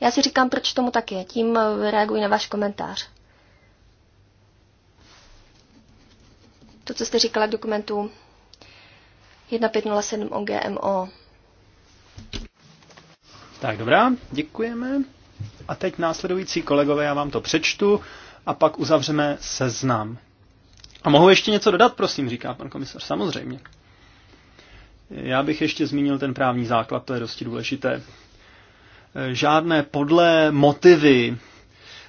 já si říkám, proč tomu tak je. Tím reaguji na váš komentář. to, co jste říkala k dokumentu 1507 o GMO. Tak dobrá, děkujeme. A teď následující kolegové, já vám to přečtu a pak uzavřeme seznam. A mohu ještě něco dodat, prosím, říká pan komisař, samozřejmě. Já bych ještě zmínil ten právní základ, to je dosti důležité. Žádné podlé motivy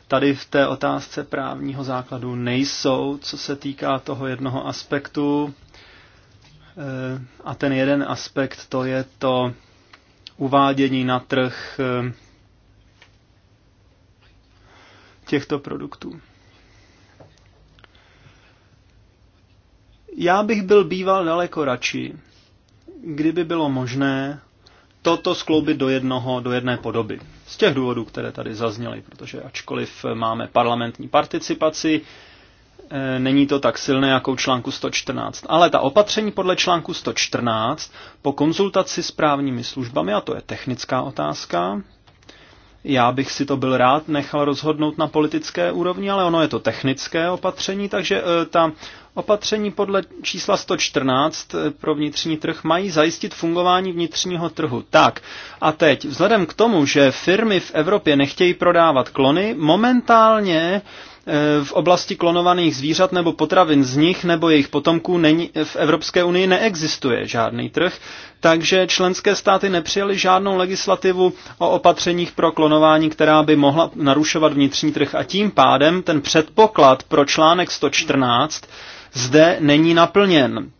tady v té otázce právního základu nejsou, co se týká toho jednoho aspektu. Eh, a ten jeden aspekt to je to uvádění na trh eh, těchto produktů. Já bych byl býval daleko radši, kdyby bylo možné toto skloubit do jednoho, do jedné podoby. Z těch důvodů, které tady zazněly, protože ačkoliv máme parlamentní participaci, eh, není to tak silné jako u článku 114. Ale ta opatření podle článku 114 po konzultaci s právními službami, a to je technická otázka, já bych si to byl rád nechal rozhodnout na politické úrovni, ale ono je to technické opatření, takže eh, ta Opatření podle čísla 114 pro vnitřní trh mají zajistit fungování vnitřního trhu. Tak, a teď, vzhledem k tomu, že firmy v Evropě nechtějí prodávat klony, momentálně eh, v oblasti klonovaných zvířat nebo potravin z nich nebo jejich potomků není, v Evropské unii neexistuje žádný trh, takže členské státy nepřijaly žádnou legislativu o opatřeních pro klonování, která by mohla narušovat vnitřní trh a tím pádem ten předpoklad pro článek 114 zde není naplněn.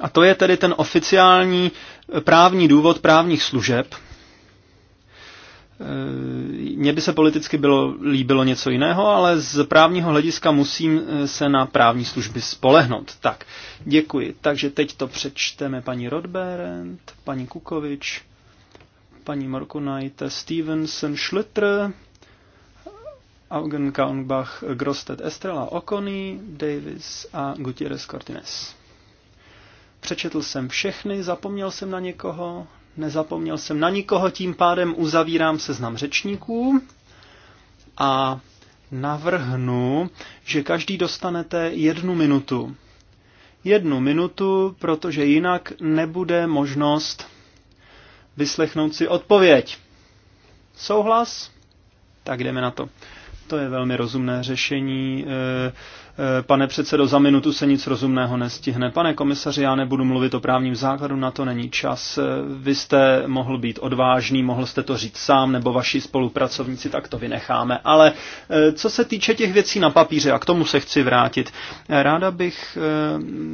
A to je tedy ten oficiální eh, právní důvod právních služeb. Eh, mně by se politicky bylo, líbilo něco jiného, ale z právního hlediska musím eh, se na právní služby spolehnout. Tak, děkuji. Takže teď to přečteme paní Rodberend, paní Kukovič, paní Morkunajte, Stevenson, Schlitter, Augen, Kaunbach, Grostet, Estrela, Okony, Davis a Gutierrez Cortines. Přečetl jsem všechny, zapomněl jsem na někoho, nezapomněl jsem na nikoho, tím pádem uzavírám seznam řečníků a navrhnu, že každý dostanete jednu minutu. Jednu minutu, protože jinak nebude možnost vyslechnout si odpověď. Souhlas? Tak jdeme na to. To je velmi rozumné řešení. Eh, Eh, pane předsedo, za minutu se nic rozumného nestihne. Pane komisaři, já nebudu mluvit o právním základu, na to není čas. Eh, vy jste mohl být odvážný, mohl jste to říct sám, nebo vaši spolupracovníci, tak to vynecháme. Ale eh, co se týče těch věcí na papíře, a k tomu se chci vrátit, ráda bych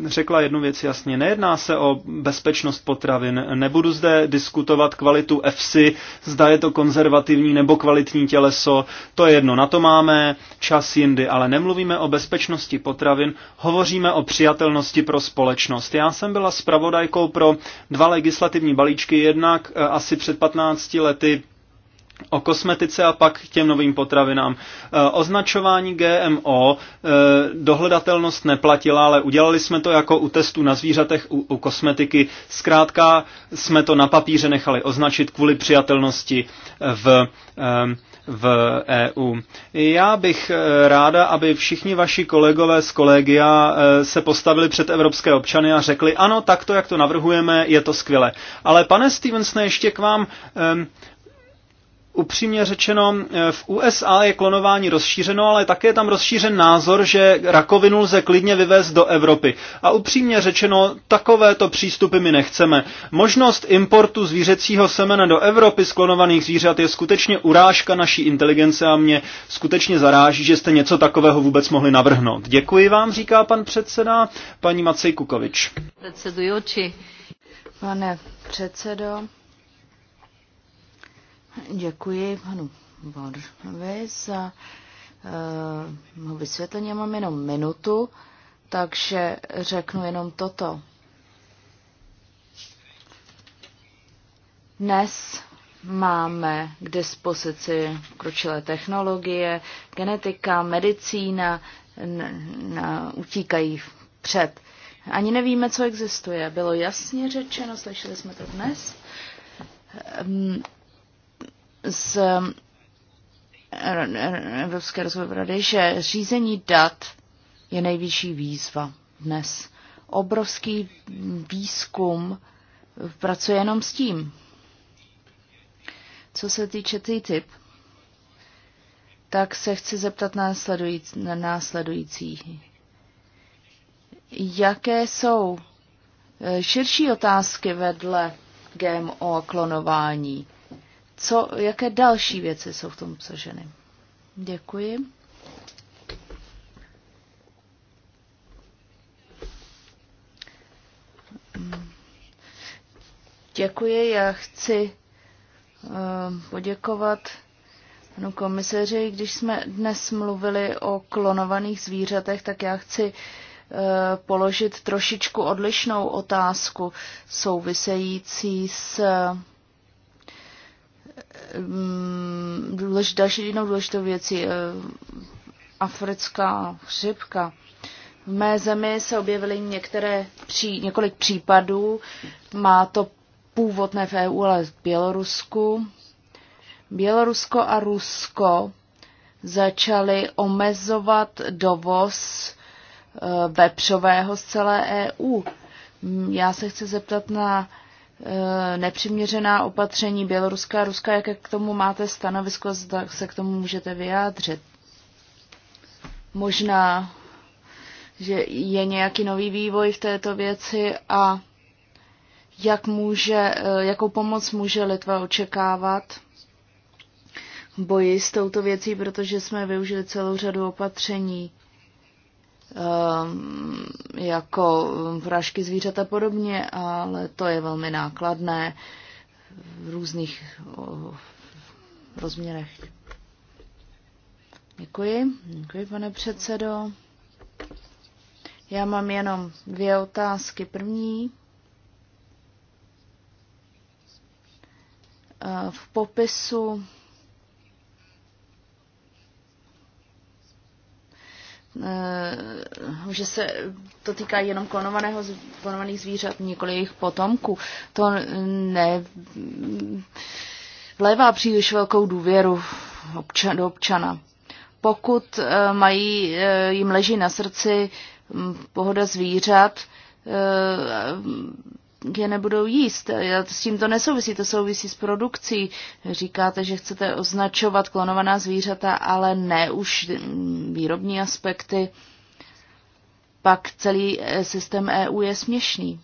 řekla jednu věc jasně. Nejedná se o bezpečnost potravin. Nebudu zde diskutovat kvalitu EFSI, zda je to konzervativní nebo kvalitní těleso. To je jedno, na to máme čas jindy, ale nemluvíme o bezpečnosti bezpečnosti potravin, hovoříme o přijatelnosti pro společnost. Já jsem byla spravodajkou pro dva legislativní balíčky, jednak eh, asi před 15 lety o kosmetice a pak k těm novým potravinám. Eh, označování GMO, eh, dohledatelnost neplatila, ale udělali jsme to jako u testů na zvířatech u, u kosmetiky. Zkrátka jsme to na papíře nechali označit kvůli přijatelnosti v v EU. Já bych eh, ráda, aby všichni vaši kolegové z kolegia eh, se postavili před evropské občany a řekli, ano, takto, jak to navrhujeme, je to skvělé. Ale pane Stevensne, ještě k vám eh, upřímně řečeno, eh, v USA je klonování rozšířeno, ale také je tam rozšířen názor, že rakovinu lze klidně vyvést do Evropy. A upřímně řečeno, takovéto přístupy my nechceme. Možnost importu zvířecího semena do Evropy z klonovaných zvířat je skutečně urážka naší inteligence a mě skutečně zaráží, že jste něco takového vůbec mohli navrhnout. Děkuji vám, říká pan předseda, paní Macej Kukovič. Předsedující. Pane předsedo, Děkuji panu Borvi za uh, vysvětlení. Já mám jenom minutu, takže řeknu jenom toto. Dnes máme k dispozici kročilé technologie, genetika, medicína utíkají před. Ani nevíme, co existuje. Bylo jasně řečeno, slyšeli jsme to dnes. Um, z eh, Evropské rozvojové rady, že řízení dat je nejvyšší výzva dnes. Obrovský výzkum pracuje jenom s tím. Co se týče TTIP, tak se chci zeptat následující, na následující. Jaké jsou eh, širší otázky vedle GMO a klonování? co, jaké další věci jsou v tom obsaženy. Děkuji. Děkuji, já chci eh, poděkovat panu komiseři. Když jsme dnes mluvili o klonovaných zvířatech, tak já chci eh, položit trošičku odlišnou otázku související s Mm, důležit, další jinou důležitou věcí, eh, africká chřipka. V mé zemi se objevily některé, pří, několik případů. Má to původ ne v EU, ale v Bělorusku. Bělorusko a Rusko začaly omezovat dovoz eh, vepřového z celé EU. Já se chci zeptat na Eh, nepřiměřená opatření Běloruska a Ruska, jaké k tomu máte stanovisko, zda se k tomu můžete vyjádřit. Možná, že je nějaký nový vývoj v této věci a jak může, eh, jakou pomoc může Litva očekávat v boji s touto věcí, protože jsme využili celou řadu opatření Ehm, jako prášky zvířat a podobně, ale to je velmi nákladné v různých rozměrech. Děkuji. Děkuji, pane předsedo. Já mám jenom dvě otázky. První. Eh, v popisu Eh, že se to týká jenom klonovaného, klonovaných zvířat, nikoli jejich potomků. To ne vlévá příliš velkou důvěru občan, do občana. Pokud eh, mají, eh, jim leží na srdci hm, pohoda zvířat, je nebudou jíst. S tím to nesouvisí, to souvisí s produkcí. Říkáte, že chcete označovat klonovaná zvířata, ale ne už mm, výrobní aspekty. Pak celý eh, systém EU je směšný,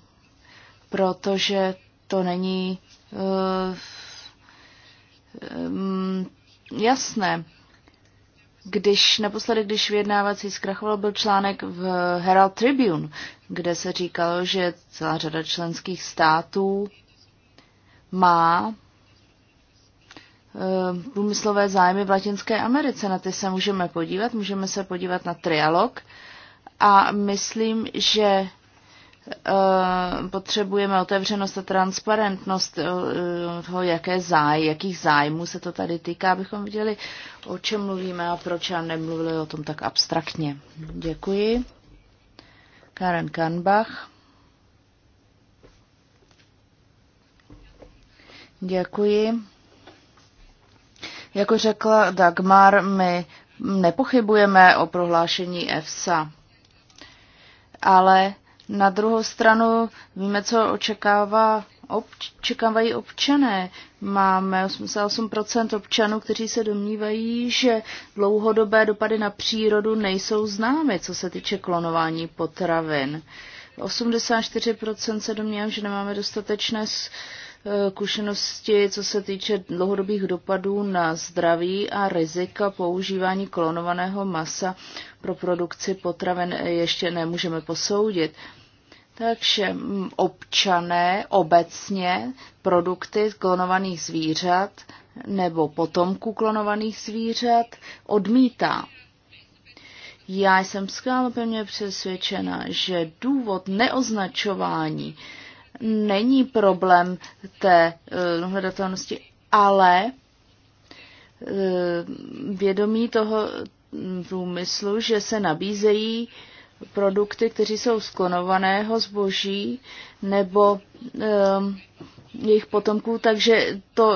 protože to není uh, um, jasné když naposledy, když vyjednávací zkrachoval, byl článek v Herald Tribune, kde se říkalo, že celá řada členských států má eh, průmyslové zájmy v Latinské Americe. Na ty se můžeme podívat, můžeme se podívat na trialog a myslím, že Eh, potřebujeme otevřenost a transparentnost eh, toho, jaké záj, jakých zájmů se to tady týká, abychom viděli, o čem mluvíme a proč a nemluvili o tom tak abstraktně. Děkuji. Karen Kanbach. Děkuji. Jako řekla Dagmar, my nepochybujeme o prohlášení EFSA, ale na druhou stranu víme, co očekává obč- očekávají občané. Máme 88% občanů, kteří se domnívají, že dlouhodobé dopady na přírodu nejsou známy, co se týče klonování potravin. 84% se domnívá, že nemáme dostatečné e, zkušenosti, co se týče dlouhodobých dopadů na zdraví a rizika používání klonovaného masa pro produkci potravin e, ještě nemůžeme posoudit. Takže občané obecně produkty klonovaných zvířat nebo potomků klonovaných zvířat odmítá. Já jsem pevně přesvědčena, že důvod neoznačování není problém té uh, hledatelnosti, ale uh, vědomí toho mm, průmyslu, že se nabízejí uh, produkty, kteří jsou z klonovaného zboží nebo um, jejich potomků, takže to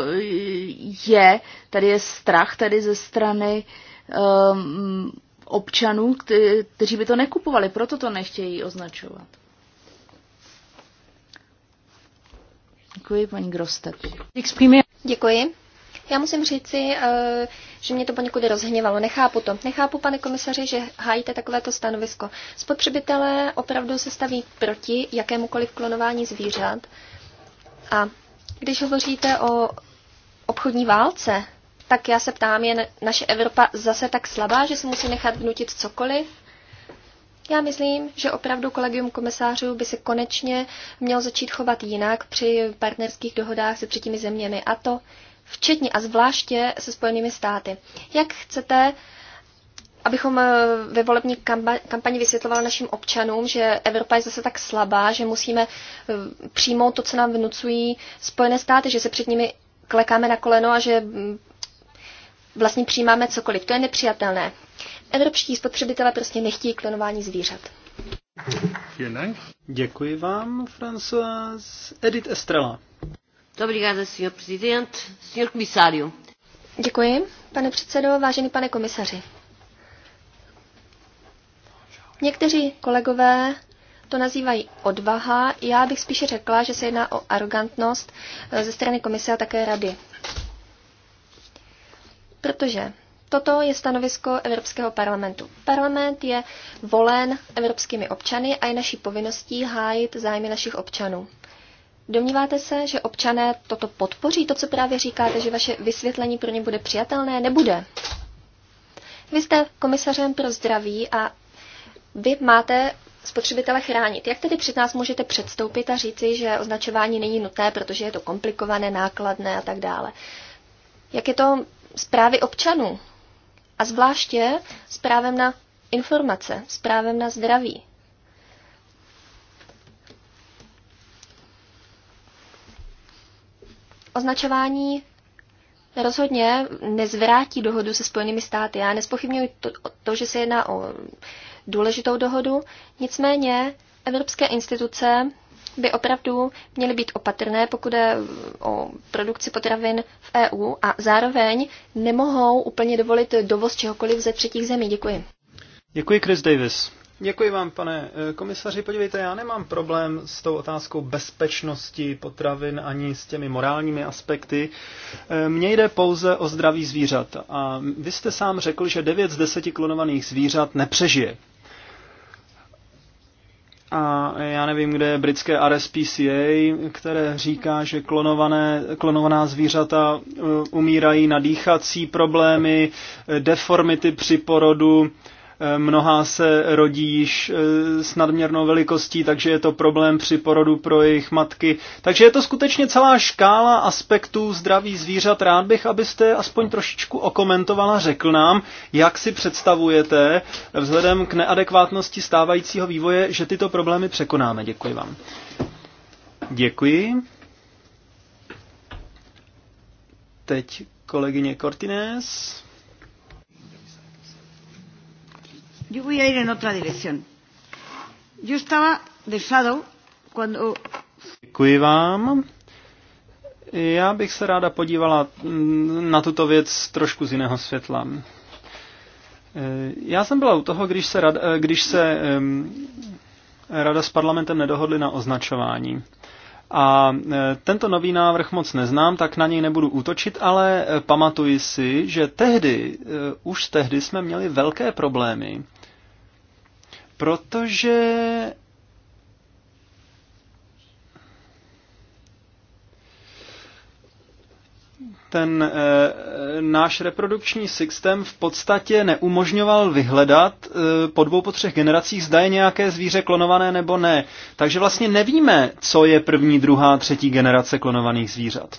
je, tady je strach tady ze strany um, občanů, kteří by to nekupovali, proto to nechtějí označovat. Děkuji, paní Grostep. Děkuji. Já musím říci, eh, že mě to poněkud rozhněvalo. Nechápu to. Nechápu, pane komisaři, že hájíte takovéto stanovisko. Spotřebitelé opravdu se staví proti jakémukoliv klonování zvířat. A když hovoříte o obchodní válce, tak já se ptám, je naše Evropa zase tak slabá, že se musí nechat vnutit cokoliv? Já myslím, že opravdu kolegium komisářů by se konečně mělo začít chovat jinak při partnerských dohodách se třetími zeměmi a to včetně a zvláště se Spojenými státy. Jak chcete, abychom eh, ve volební kampani vysvětlovali našim občanům, že Evropa je zase tak slabá, že musíme eh, přijmout to, co nám vnucují Spojené státy, že se před nimi klekáme na koleno a že mm, vlastně přijímáme cokoliv. To je nepřijatelné. Evropští spotřebitelé prostě nechtějí klonování zvířat. Děkuji vám, François. Edith Estrela. Děkuji, pane předsedo, vážený pane komisaři. Někteří kolegové to nazývají odvaha, já bych spíše řekla, že se jedná o arrogantnost eh, ze strany komise a také rady. Protože toto je stanovisko Evropského parlamentu. Parlament je volen evropskými občany a je naší povinností hájit zájmy našich občanů. Domníváte se, že občané toto podpoří, to, co právě říkáte, že vaše vysvětlení pro ně bude přijatelné? Nebude. Vy jste komisařem pro zdraví a vy máte spotřebitele chránit. Jak tedy před nás můžete předstoupit a říci, že označování není nutné, protože je to komplikované, nákladné a tak dále? Jak je to s občanů? A zvláště s právem na informace, s právem na zdraví. Označování rozhodně nezvrátí dohodu se Spojenými státy. Já nespochybnuju to, to, že se jedná o důležitou dohodu, nicméně evropské instituce by opravdu měly být opatrné, pokud je o produkci potravin v EU a zároveň nemohou úplně dovolit dovoz čehokoliv ze třetích zemí. Děkuji. Děkuji, Chris Davis. Děkuji vám, pane eh, komisaři. Podívejte, já nemám problém s tou otázkou bezpečnosti potravin ani s těmi morálními aspekty. Eh, mně jde pouze o zdraví zvířat. A vy jste sám řekl, že 9 z 10 klonovaných zvířat nepřežije. A já nevím, kde je britské RSPCA, které říká, že klonované, klonovaná zvířata eh, umírají na dýchací problémy, deformity při porodu, Mnohá se rodí již e, s nadměrnou velikostí, takže je to problém při porodu pro jejich matky. Takže je to skutečně celá škála aspektů zdraví zvířat. Rád bych, abyste aspoň trošičku okomentovala, řekl nám, jak si představujete vzhledem k neadekvátnosti stávajícího vývoje, že tyto problémy překonáme. Děkuji vám. Děkuji. Teď kolegyně Cortines. Yo voy a ir en otra dirección. Yo estaba de shadow cuando... Děkuji vám. Já bych se ráda podívala mm, na tuto věc trošku z jiného světla. Eh, já jsem byla u toho, když se, rada, eh, když se rada s parlamentem nedohodly na označování. A eh, tento nový návrh moc neznám, tak na něj nebudu útočit, ale pamatuji si, že tehdy, už tehdy jsme měli velké problémy protože ten e, náš reprodukční systém v podstatě neumožňoval vyhledat e, po dvou, po třech generacích, zda je nějaké zvíře klonované nebo ne. Takže vlastně nevíme, co je první, druhá, třetí generace klonovaných zvířat.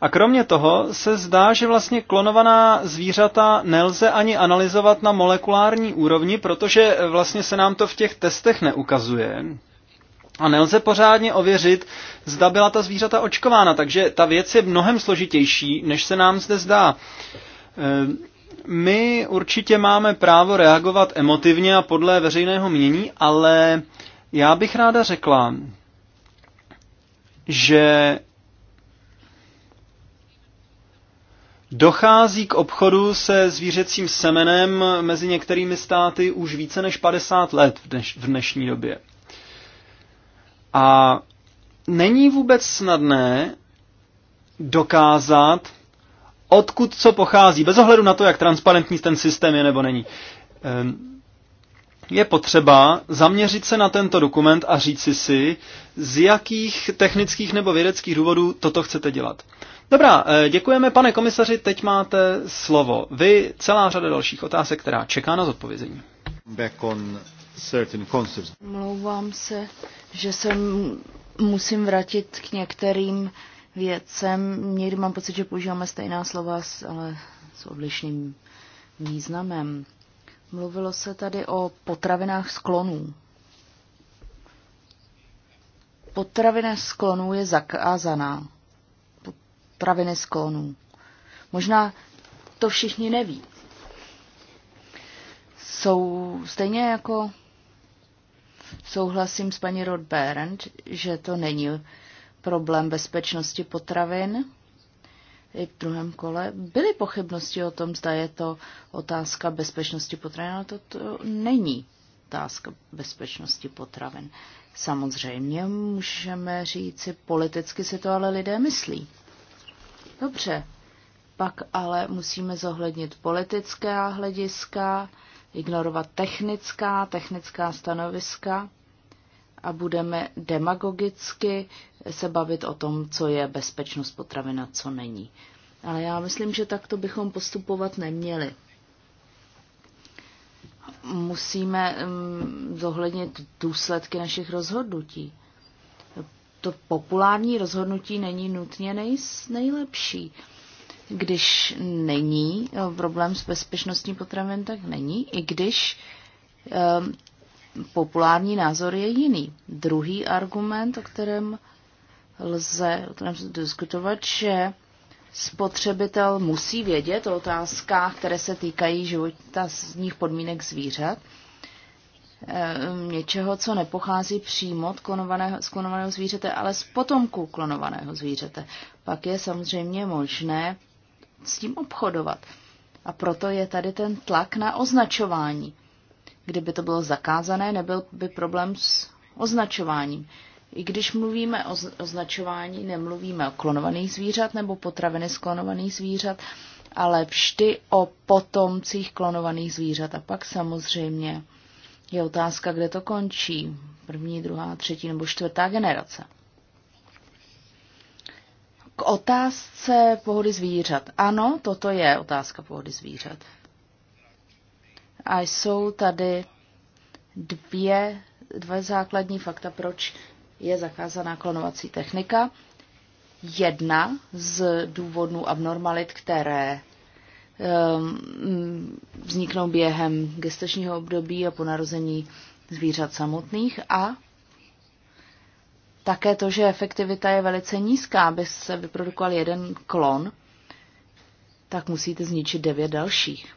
A kromě toho se zdá, že vlastně klonovaná zvířata nelze ani analyzovat na molekulární úrovni, protože vlastně se nám to v těch testech neukazuje. A nelze pořádně ověřit, zda byla ta zvířata očkována, takže ta věc je mnohem složitější, než se nám zde zdá. Eh, my určitě máme právo reagovat emotivně a podle veřejného mínění, ale já bych ráda řekla, že Dochází k obchodu se zvířecím semenem mezi některými státy už více než 50 let v, dneš- v dnešní době. A není vůbec snadné dokázat, odkud co pochází, bez ohledu na to, jak transparentní ten systém je nebo není. Ehm, je potřeba zaměřit se na tento dokument a říci si, z jakých technických nebo vědeckých důvodů toto chcete dělat. Dobrá, eh, děkujeme, pane komisaři, teď máte slovo. Vy celá řada dalších otázek, která čeká na zodpovězení. Back on certain concepts. Mlouvám se, že se musím vrátit k některým věcem. Někdy mám pocit, že používáme stejná slova, ale s odlišným významem. Mluvilo se tady o potravinách sklonů. Potravina sklonů je zakázaná potraviny z klonů. Možná to všichni neví. Jsou stejně jako souhlasím s paní Rod Berend, že to není problém bezpečnosti potravin. I v druhém kole byly pochybnosti o tom, zda je to otázka bezpečnosti potravin, ale to, to není otázka bezpečnosti potravin. Samozřejmě můžeme říci, politicky si to ale lidé myslí. Dobře, pak ale musíme zohlednit politická hlediska, ignorovat technická, technická stanoviska a budeme demagogicky se bavit o tom, co je bezpečnost potravina, a co není. Ale já myslím, že takto bychom postupovat neměli. Musíme mm, zohlednit důsledky našich rozhodnutí to populární rozhodnutí není nutně nej, nejlepší. Když není eh, problém s bezpečnostní potravin, tak není, i když um, populární názor je jiný. Druhý argument, o kterém lze o kterém se diskutovat, že spotřebitel musí vědět o otázkách, které se týkají životních podmínek zvířat, Eh, něčeho, co nepochází přímo od klonovaného, z klonovaného zvířete, ale z potomků klonovaného zvířete. Pak je samozřejmě možné s tím obchodovat. A proto je tady ten tlak na označování. Kdyby to bylo zakázané, nebyl by problém s označováním. I když mluvíme o označování, nemluvíme o klonovaných zvířat nebo potraviny z klonovaných zvířat, ale vždy o potomcích klonovaných zvířat. A pak samozřejmě je otázka, kde to končí. První, druhá, třetí nebo čtvrtá generace. K otázce pohody zvířat. Ano, toto je otázka pohody zvířat. A jsou tady dvě, dvě základní fakta, proč je zakázaná klonovací technika. Jedna z důvodů abnormalit, které Ehm, mm, vzniknou během gestačního období a po narození zvířat samotných a také to, že efektivita je velice nízká, aby se vyprodukoval jeden klon, tak musíte zničit devět dalších.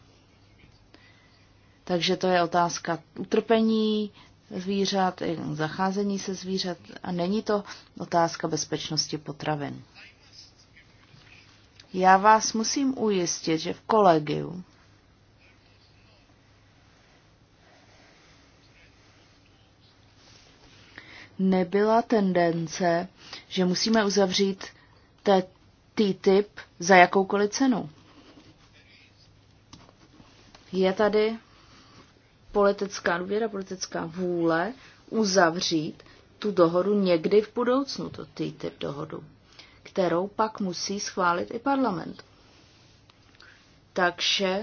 Takže to je otázka utrpení zvířat, zacházení se zvířat a není to otázka bezpečnosti potravin. Já vás musím ujistit, že v kolegiu nebyla tendence, že musíme uzavřít TTIP za jakoukoliv cenu. Je tady politická důvěra, politická vůle uzavřít tu dohodu někdy v budoucnu, to TTIP dohodu kterou pak musí schválit i parlament. Takže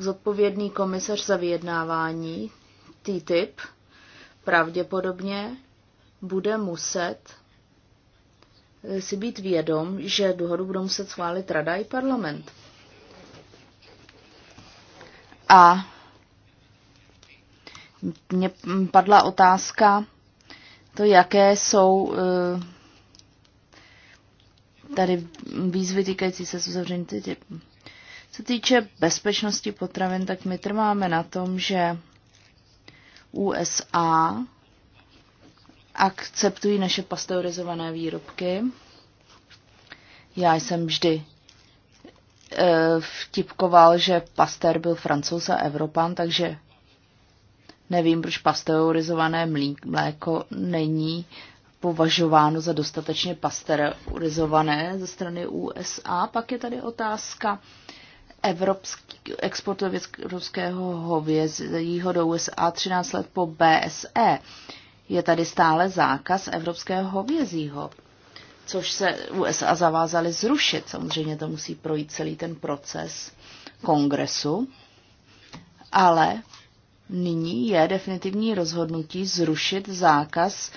zodpovědný komisař za vyjednávání TTIP pravděpodobně bude muset eh, si být vědom, že dohodu budou muset schválit rada i parlament. A mně padla otázka, to jaké jsou eh, tady výzvy týkající se uzavření TTIP. Co týče bezpečnosti potravin, tak my trváme na tom, že USA akceptují naše pasteurizované výrobky. Já jsem vždy e, vtipkoval, že Pasteur byl francouz a Evropan, takže nevím, proč pasteurizované mléko není považováno za dostatečně pasteurizované ze strany USA. Pak je tady otázka exportu evropského hovězího do USA 13 let po BSE. Je tady stále zákaz evropského hovězího, což se USA zavázali zrušit. Samozřejmě to musí projít celý ten proces kongresu, ale nyní je definitivní rozhodnutí zrušit zákaz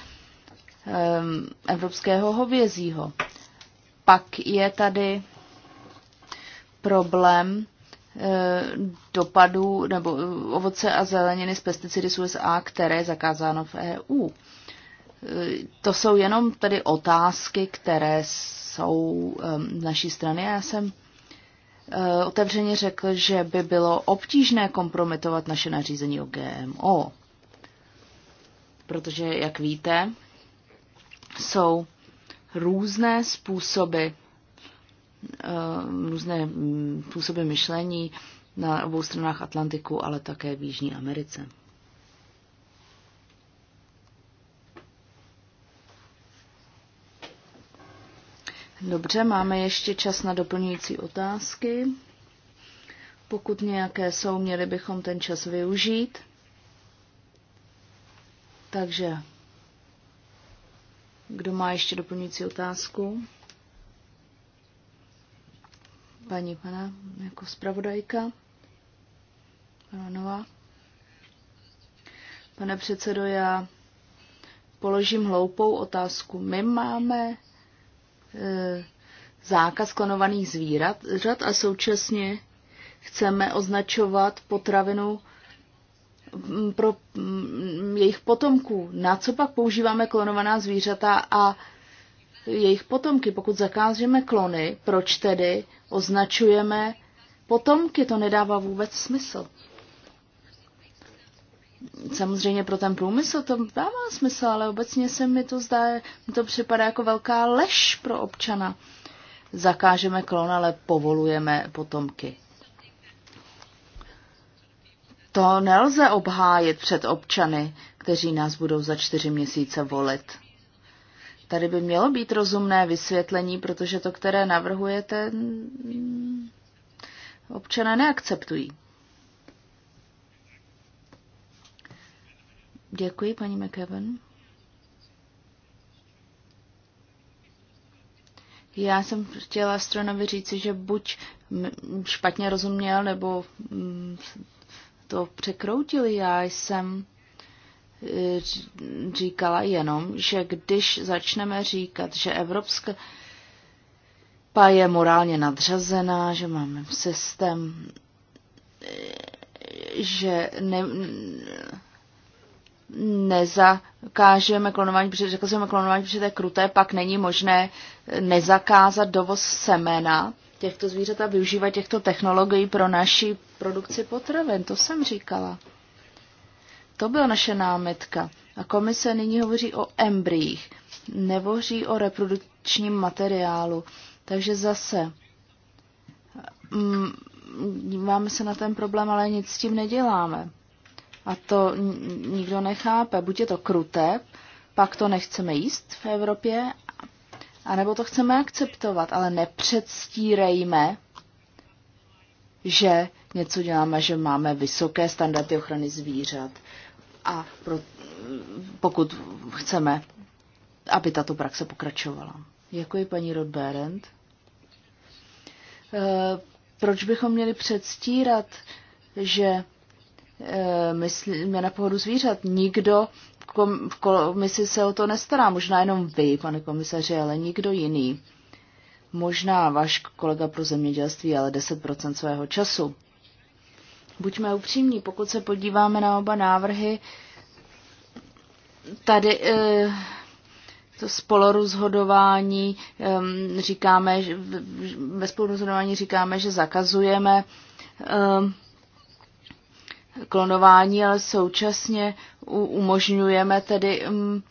Um, evropského hovězího. Pak je tady problém eh, dopadů nebo eh, ovoce a zeleniny z pesticidy z USA, které je zakázáno v EU. Eh, to jsou jenom tady otázky, které jsou z naší strany. Já jsem otevřeně řekl, že by bylo obtížné kompromitovat naše nařízení o GMO. Protože, jak víte, jsou různé způsoby, eh, různé mm, způsoby myšlení na obou stranách Atlantiku, ale také v Jižní Americe. Dobře, máme ještě čas na doplňující otázky. Pokud nějaké jsou, měli bychom ten čas využít. Takže kdo má ještě doplňující otázku? Paní pana, jako zpravodajka. Panová. Pane předsedo, já položím hloupou otázku. My máme e, zákaz klonovaných zvířat a současně chceme označovat potravinu pro jejich potomků. Na co pak používáme klonovaná zvířata a jejich potomky? Pokud zakážeme klony, proč tedy označujeme potomky? To nedává vůbec smysl. Samozřejmě pro ten průmysl to dává smysl, ale obecně se mi to zdá, mi to připadá jako velká lež pro občana. Zakážeme klon, ale povolujeme potomky to nelze obhájit před občany, kteří nás budou za čtyři měsíce volit. Tady by mělo být rozumné vysvětlení, protože to, které navrhujete, občané neakceptují. Děkuji, paní McEwen. Já jsem chtěla Stronovi říci, že buď špatně rozuměl, nebo to překroutili. Já jsem e, říkala jenom, že když začneme říkat, že Evropská pa je morálně nadřazená, že máme systém, e, že ne, nezakážeme klonování, protože řekl jsem klonování, protože to je kruté, pak není možné nezakázat dovoz semena těchto zvířat a využívat těchto technologií pro naši produkci potravin, to jsem říkala. To byla naše námitka. A komise nyní hovoří o embryích, nehovoří o reprodukčním materiálu. Takže zase, mm, díváme se na ten problém, ale nic s tím neděláme. A to nikdo nechápe. Buď je to kruté, pak to nechceme jíst v Evropě, anebo to chceme akceptovat, ale nepředstírejme, že něco děláme, že máme vysoké standardy ochrany zvířat. A pro, pokud chceme, aby tato praxe pokračovala. Děkuji, paní E, Proč bychom měli předstírat, že eh, myslíme na pohodu zvířat? Nikdo v komisi se o to nestará. Možná jenom vy, pane komisaři, ale nikdo jiný možná váš kolega pro zemědělství, ale 10% svého času. Buďme upřímní, pokud se podíváme na oba návrhy, tady e, to spolorozhodování e, ehm, říkáme, ve spolorozhodování říkáme, že zakazujeme e, klonování, ale současně u, umožňujeme tedy m, mm,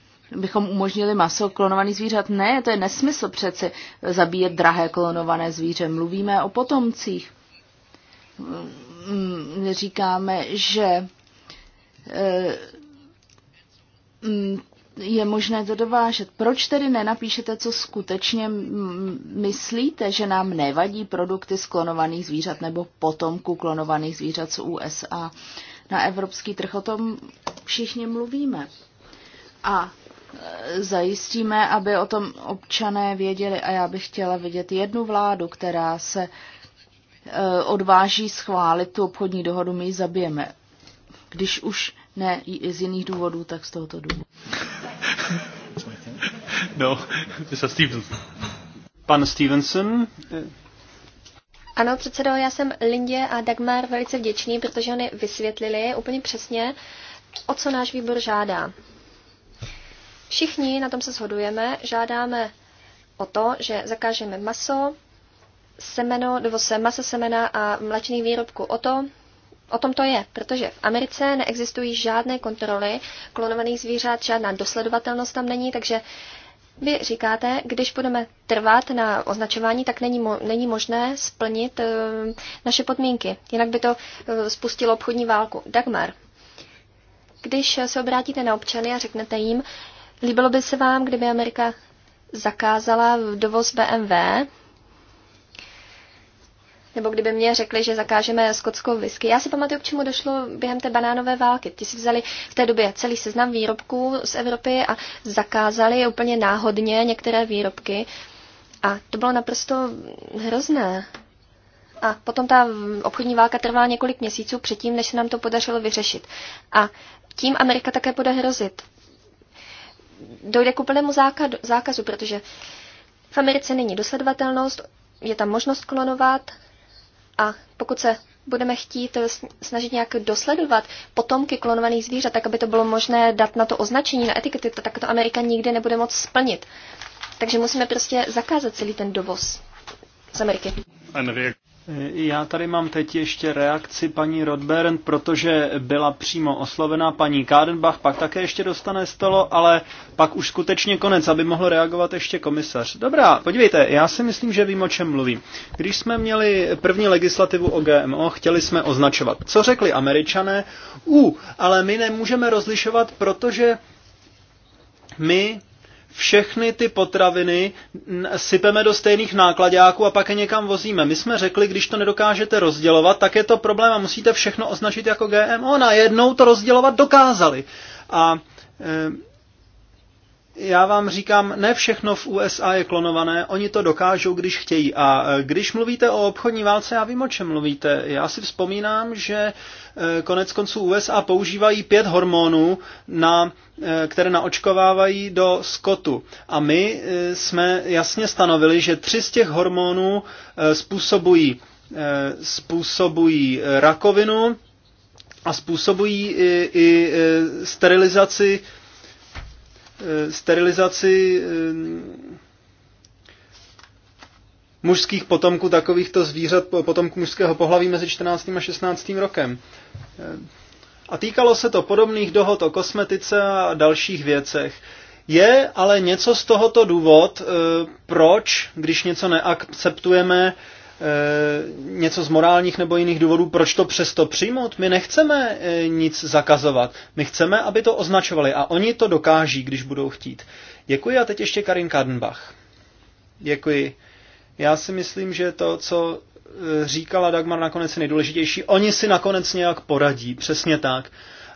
bychom umožnili maso klonovaných zvířat. Ne, to je nesmysl přeci zabíjet drahé klonované zvíře. Mluvíme o potomcích Mm, říkáme, že eh, mm, je možné to dovážet. Proč tedy nenapíšete, co skutečně myslíte, že nám nevadí produkty z klonovaných zvířat nebo potomku klonovaných zvířat z USA na evropský trh? O tom všichni mluvíme. A eh, zajistíme, aby o tom občané věděli. A já bych chtěla vidět jednu vládu, která se Eh, odváží schválit tu obchodní dohodu, my ji zabijeme. Když už ne z jiných důvodů, tak z tohoto důvodu. No, Mr. Stevenson. Pan Stevenson. Ano, předsedo, já jsem Lindě a Dagmar velice vděčný, protože oni vysvětlili úplně přesně, o co náš výbor žádá. Všichni na tom se shodujeme, žádáme o to, že zakážeme maso, semeno, nebo se masa semena a mléčných výrobků. O, to, o tom to je, protože v Americe neexistují žádné kontroly klonovaných zvířat, žádná dosledovatelnost tam není, takže vy říkáte, když budeme trvat na označování, tak není, mo- není možné splnit e, naše podmínky. Jinak by to e, spustilo obchodní válku. Dagmar, když se obrátíte na občany a řeknete jim, líbilo by se vám, kdyby Amerika zakázala dovoz BMW, nebo kdyby mě řekli, že zakážeme skotskou whisky. Já si pamatuju, k čemu došlo během té banánové války. Ti si vzali v té době celý seznam výrobků z Evropy a zakázali je úplně náhodně některé výrobky. A to bylo naprosto hrozné. A potom ta obchodní válka trvala několik měsíců předtím, než se nám to podařilo vyřešit. A tím Amerika také bude hrozit. Dojde k úplnému zákazu, protože v Americe není dosledovatelnost, je tam možnost klonovat a pokud se budeme chtít eh, snažit nějak dosledovat potomky klonovaných zvířat, tak aby to bylo možné dát na to označení, na etikety, tak to Amerika nikdy nebude moc splnit. Takže musíme prostě zakázat celý ten dovoz z Ameriky. Já tady mám teď ještě reakci paní Rodberend, protože byla přímo oslovená paní Kádenbach, pak také ještě dostane stolo, ale pak už skutečně konec, aby mohl reagovat ještě komisař. Dobrá, podívejte, já si myslím, že vím, o čem mluvím. Když jsme měli první legislativu o GMO, chtěli jsme označovat. Co řekli američané? U, ale my nemůžeme rozlišovat, protože my všechny ty potraviny sypeme do stejných nákladáků a pak je někam vozíme. My jsme řekli, když to nedokážete rozdělovat, tak je to problém a musíte všechno označit jako GMO. Najednou to rozdělovat dokázali. A já vám říkám, ne všechno v USA je klonované, oni to dokážou, když chtějí. A e, když mluvíte o obchodní válce, já vím, o čem mluvíte. Já si vzpomínám, že e, konec konců USA používají pět hormonů, na, e, které naočkovávají do skotu. A my jsme jasně stanovili, že tři z těch hormonů způsobují, způsobují rakovinu a způsobují i, i sterilizaci Eh, sterilizaci eh, mužských potomků takovýchto zvířat, potomků mužského pohlaví mezi 14. a 16. rokem. Eh, a týkalo se to podobných dohod o kosmetice a dalších věcech. Je ale něco z tohoto důvod, proč, když něco neakceptujeme, Eh, něco z morálních nebo jiných důvodů, proč to přesto přijmout? My nechceme eh, nic zakazovat. My chceme, aby to označovali a oni to dokáží, když budou chtít. Děkuji a teď ještě Karin Kadenbach. Děkuji. Já si myslím, že to, co eh, říkala Dagmar, nakonec je nejdůležitější. Oni si nakonec nějak poradí, přesně tak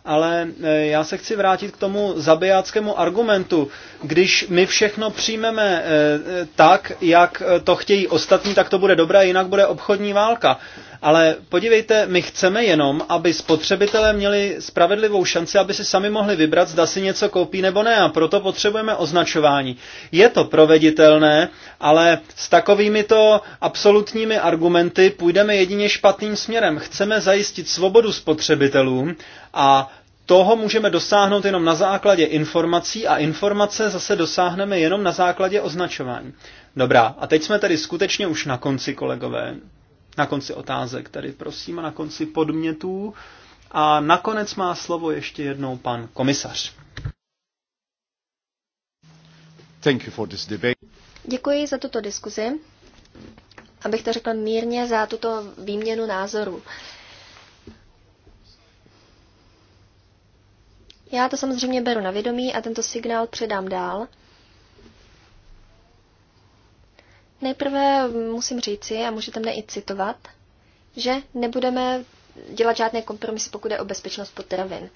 ale já se chci vrátit k tomu zabijáckému argumentu když my všechno přijmeme eh, tak, jak eh, to chtějí ostatní, tak to bude dobré, jinak bude obchodní válka. Ale podívejte, my chceme jenom, aby spotřebitelé měli spravedlivou šanci, aby si sami mohli vybrat, zda si něco koupí nebo ne. A proto potřebujeme označování. Je to proveditelné, ale s takovými to absolutními argumenty půjdeme jedině špatným směrem. Chceme zajistit svobodu spotřebitelům a toho můžeme dosáhnout jenom na základě informací a informace zase dosáhneme jenom na základě označování. Dobrá, a teď jsme tady skutečně už na konci, kolegové. Na konci otázek tady, prosím, a na konci podmětů. A nakonec má slovo ještě jednou pan komisař. Thank you for this debate. Děkuji za tuto diskuzi, abych to řekl mírně, za tuto výměnu názorů. Uh, Já to samozřejmě beru na vědomí a tento signál předám dál. Nejprve musím říci, a můžete mne i citovat, že nebudeme dělat žádné kompromisy, pokud je o bezpečnost potravin.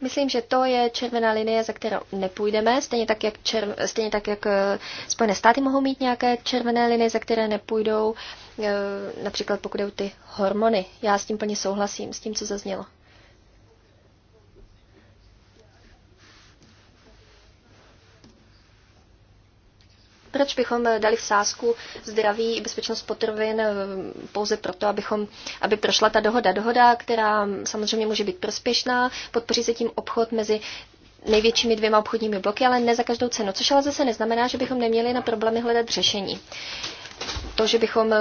Myslím, že to je červená linie, za kterou nepůjdeme, stejně tak, jak čer, stejně tak, jak eh, Spojené státy mohou mít nějaké červené linie, za které nepůjdou, eh, například pokud jdou ty hormony. Já s tím plně souhlasím, s tím, co zaznělo. Proč bychom eh, dali v sázku zdraví i bezpečnost potravin eh, pouze proto, abychom, aby prošla ta dohoda? Dohoda, která samozřejmě může být prospěšná, podpoří se tím obchod mezi největšími dvěma obchodními bloky, ale ne za každou cenu, což ale zase neznamená, že bychom neměli na problémy hledat řešení. To, že bychom eh,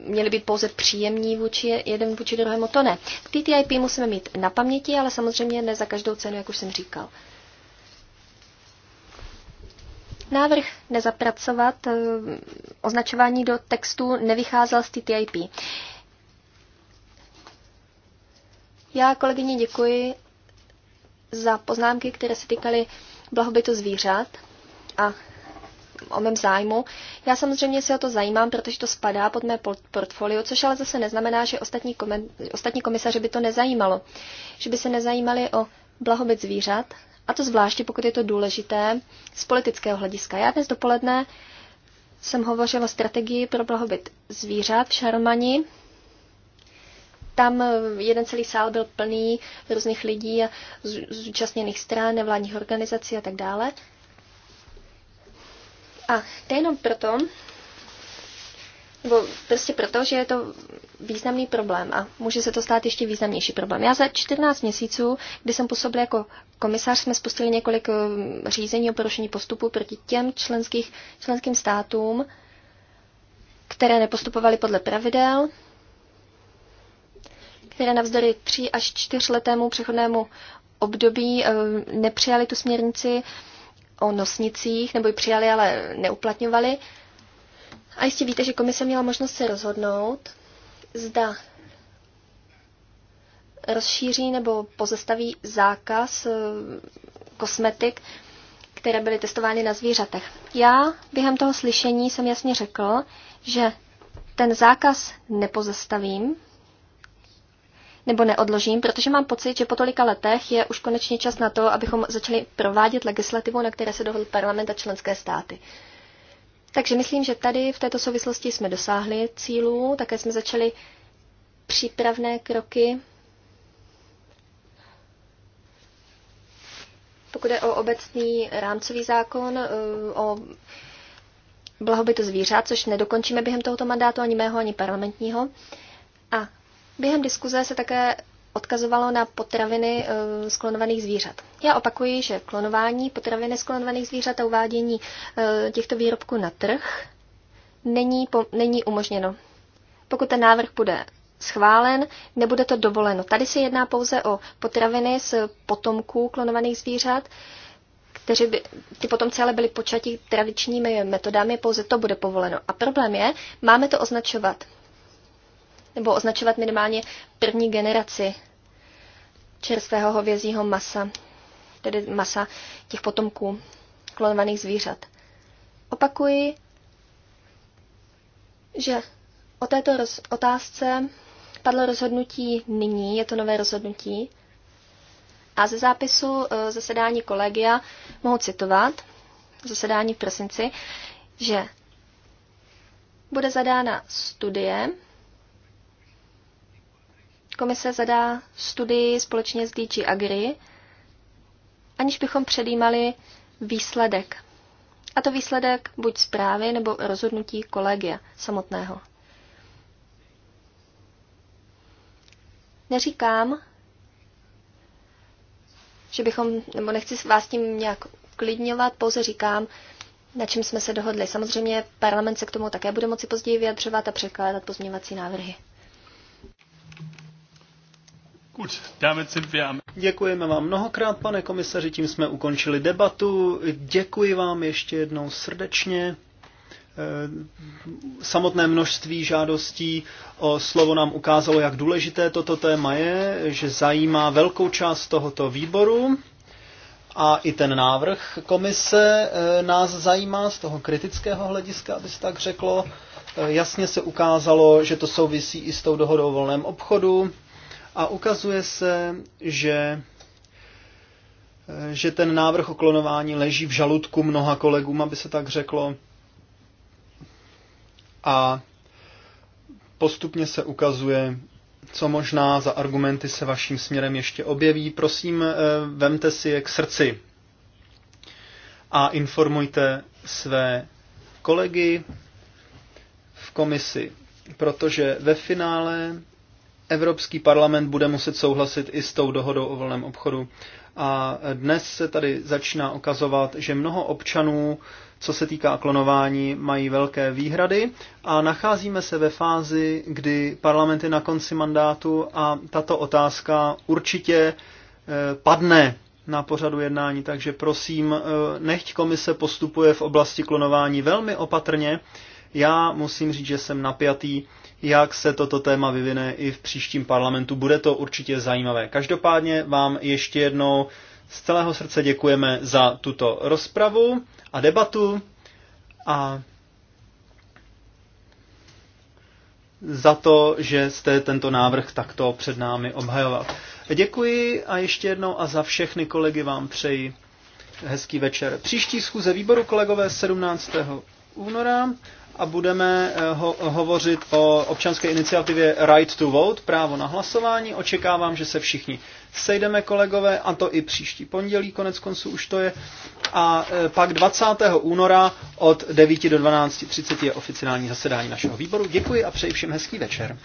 měli být pouze příjemní vůči jeden vůči druhému, to ne. K TTIP musíme mít na paměti, ale samozřejmě ne za každou cenu, jak už jsem říkal. Návrh nezapracovat eh, označování do textu nevycházel z TTIP. Já kolegyni děkuji za poznámky, které se týkaly blahobytu zvířat a o mém zájmu. Já samozřejmě se o to zajímám, protože to spadá pod mé portfolio, což ale zase neznamená, že ostatní, komen, ostatní komisaři by to nezajímalo. Že by se nezajímali o blahobyt zvířat a to zvláště, pokud je to důležité z politického hlediska. Já dnes dopoledne jsem hovořila o strategii pro blahobyt zvířat v Šarmani. Tam eh, jeden celý sál byl plný různých lidí a zúčastněných stran, nevládních organizací a tak dále. A to jenom proto, nebo prostě proto, že je to významný problém a může se to stát ještě významnější problém. Já za 14 měsíců, kdy jsem působil jako komisař, jsme spustili několik eh, řízení o porušení postupu proti těm členských, členským státům, které nepostupovaly podle pravidel, které navzdory tří až čtyřletému přechodnému období eh, nepřijali tu směrnici o nosnicích, nebo ji přijali, ale neuplatňovali. A jistě víte, že komise měla možnost se rozhodnout, zda rozšíří nebo pozastaví zákaz eh, kosmetik, které byly testovány na zvířatech. Já během toho slyšení jsem jasně řekl, že ten zákaz nepozastavím nebo neodložím, protože mám pocit, že po tolika letech je už konečně čas na to, abychom začali provádět legislativu, na které se dohodl parlament a členské státy. Takže myslím, že tady v této souvislosti jsme dosáhli cílů, také jsme začali přípravné kroky. Pokud je o obecný rámcový zákon, eh, o blahobytu zvířat, což nedokončíme během tohoto mandátu ani mého, ani parlamentního. A během diskuze se také odkazovalo na potraviny e, eh, sklonovaných zvířat. Já opakuji, že klonování potraviny sklonovaných zvířat a uvádění eh, těchto výrobků na trh není, po, není umožněno. Pokud ten návrh bude schválen, nebude to dovoleno. Tady se jedná pouze o potraviny z potomků klonovaných zvířat, kteří by, ty potomci ale byly počati tradičními metodami, pouze to bude povoleno. A problém je, máme to označovat nebo označovat minimálně první generaci čerstvého hovězího masa, tedy masa těch potomků klonovaných zvířat. Opakuji, že o této roz- otázce padlo rozhodnutí nyní, je to nové rozhodnutí. A ze zápisu e, zasedání kolegia mohu citovat, zasedání v prosinci, že bude zadána studie komise zadá studii společně s DG Agri, aniž bychom předjímali výsledek. A to výsledek buď zprávy nebo rozhodnutí kolegia samotného. Neříkám, že bychom, nebo nechci vás tím nějak uklidňovat, pouze říkám, na čem jsme se dohodli. Samozřejmě parlament se k tomu také bude moci později vyjadřovat a překládat pozměňovací návrhy. Děkujeme vám mnohokrát, pane komisaři, tím jsme ukončili debatu. Děkuji vám ještě jednou srdečně. Eh, samotné množství žádostí o slovo nám ukázalo, jak důležité toto téma je, že zajímá velkou část tohoto výboru a i ten návrh komise eh, nás zajímá z toho kritického hlediska, aby se tak řeklo. Eh, jasně se ukázalo, že to souvisí i s tou dohodou o volném obchodu a ukazuje se, že že ten návrh o klonování leží v žaludku mnoha kolegům, aby se tak řeklo. A postupně se ukazuje, co možná za argumenty se vaším směrem ještě objeví. Prosím, eh, vemte si je k srdci a informujte své kolegy v komisi, protože ve finále Evropský parlament bude muset souhlasit i s tou dohodou o volném obchodu. A dnes se tady začíná okazovat, že mnoho občanů, co se týká klonování, mají velké výhrady a nacházíme se ve fázi, kdy parlament je na konci mandátu a tato otázka určitě eh, padne na pořadu jednání, takže prosím, eh, nechť komise postupuje v oblasti klonování velmi opatrně. Já musím říct, že jsem napjatý jak se toto téma vyvine i v příštím parlamentu. Bude to určitě zajímavé. Každopádně vám ještě jednou z celého srdce děkujeme za tuto rozpravu a debatu a za to, že jste tento návrh takto před námi obhajoval. Děkuji a ještě jednou a za všechny kolegy vám přeji hezký večer. Příští schůze výboru kolegové 17. února a budeme eh, ho- hovořit o občanské iniciativě Right to Vote, právo na hlasování. Očekávám, že se všichni sejdeme, kolegové, a to i příští pondělí, konec konců už to je. A eh, pak 20. února od 9 do 12.30 je oficiální zasedání našeho výboru. Děkuji a přeji všem hezký večer.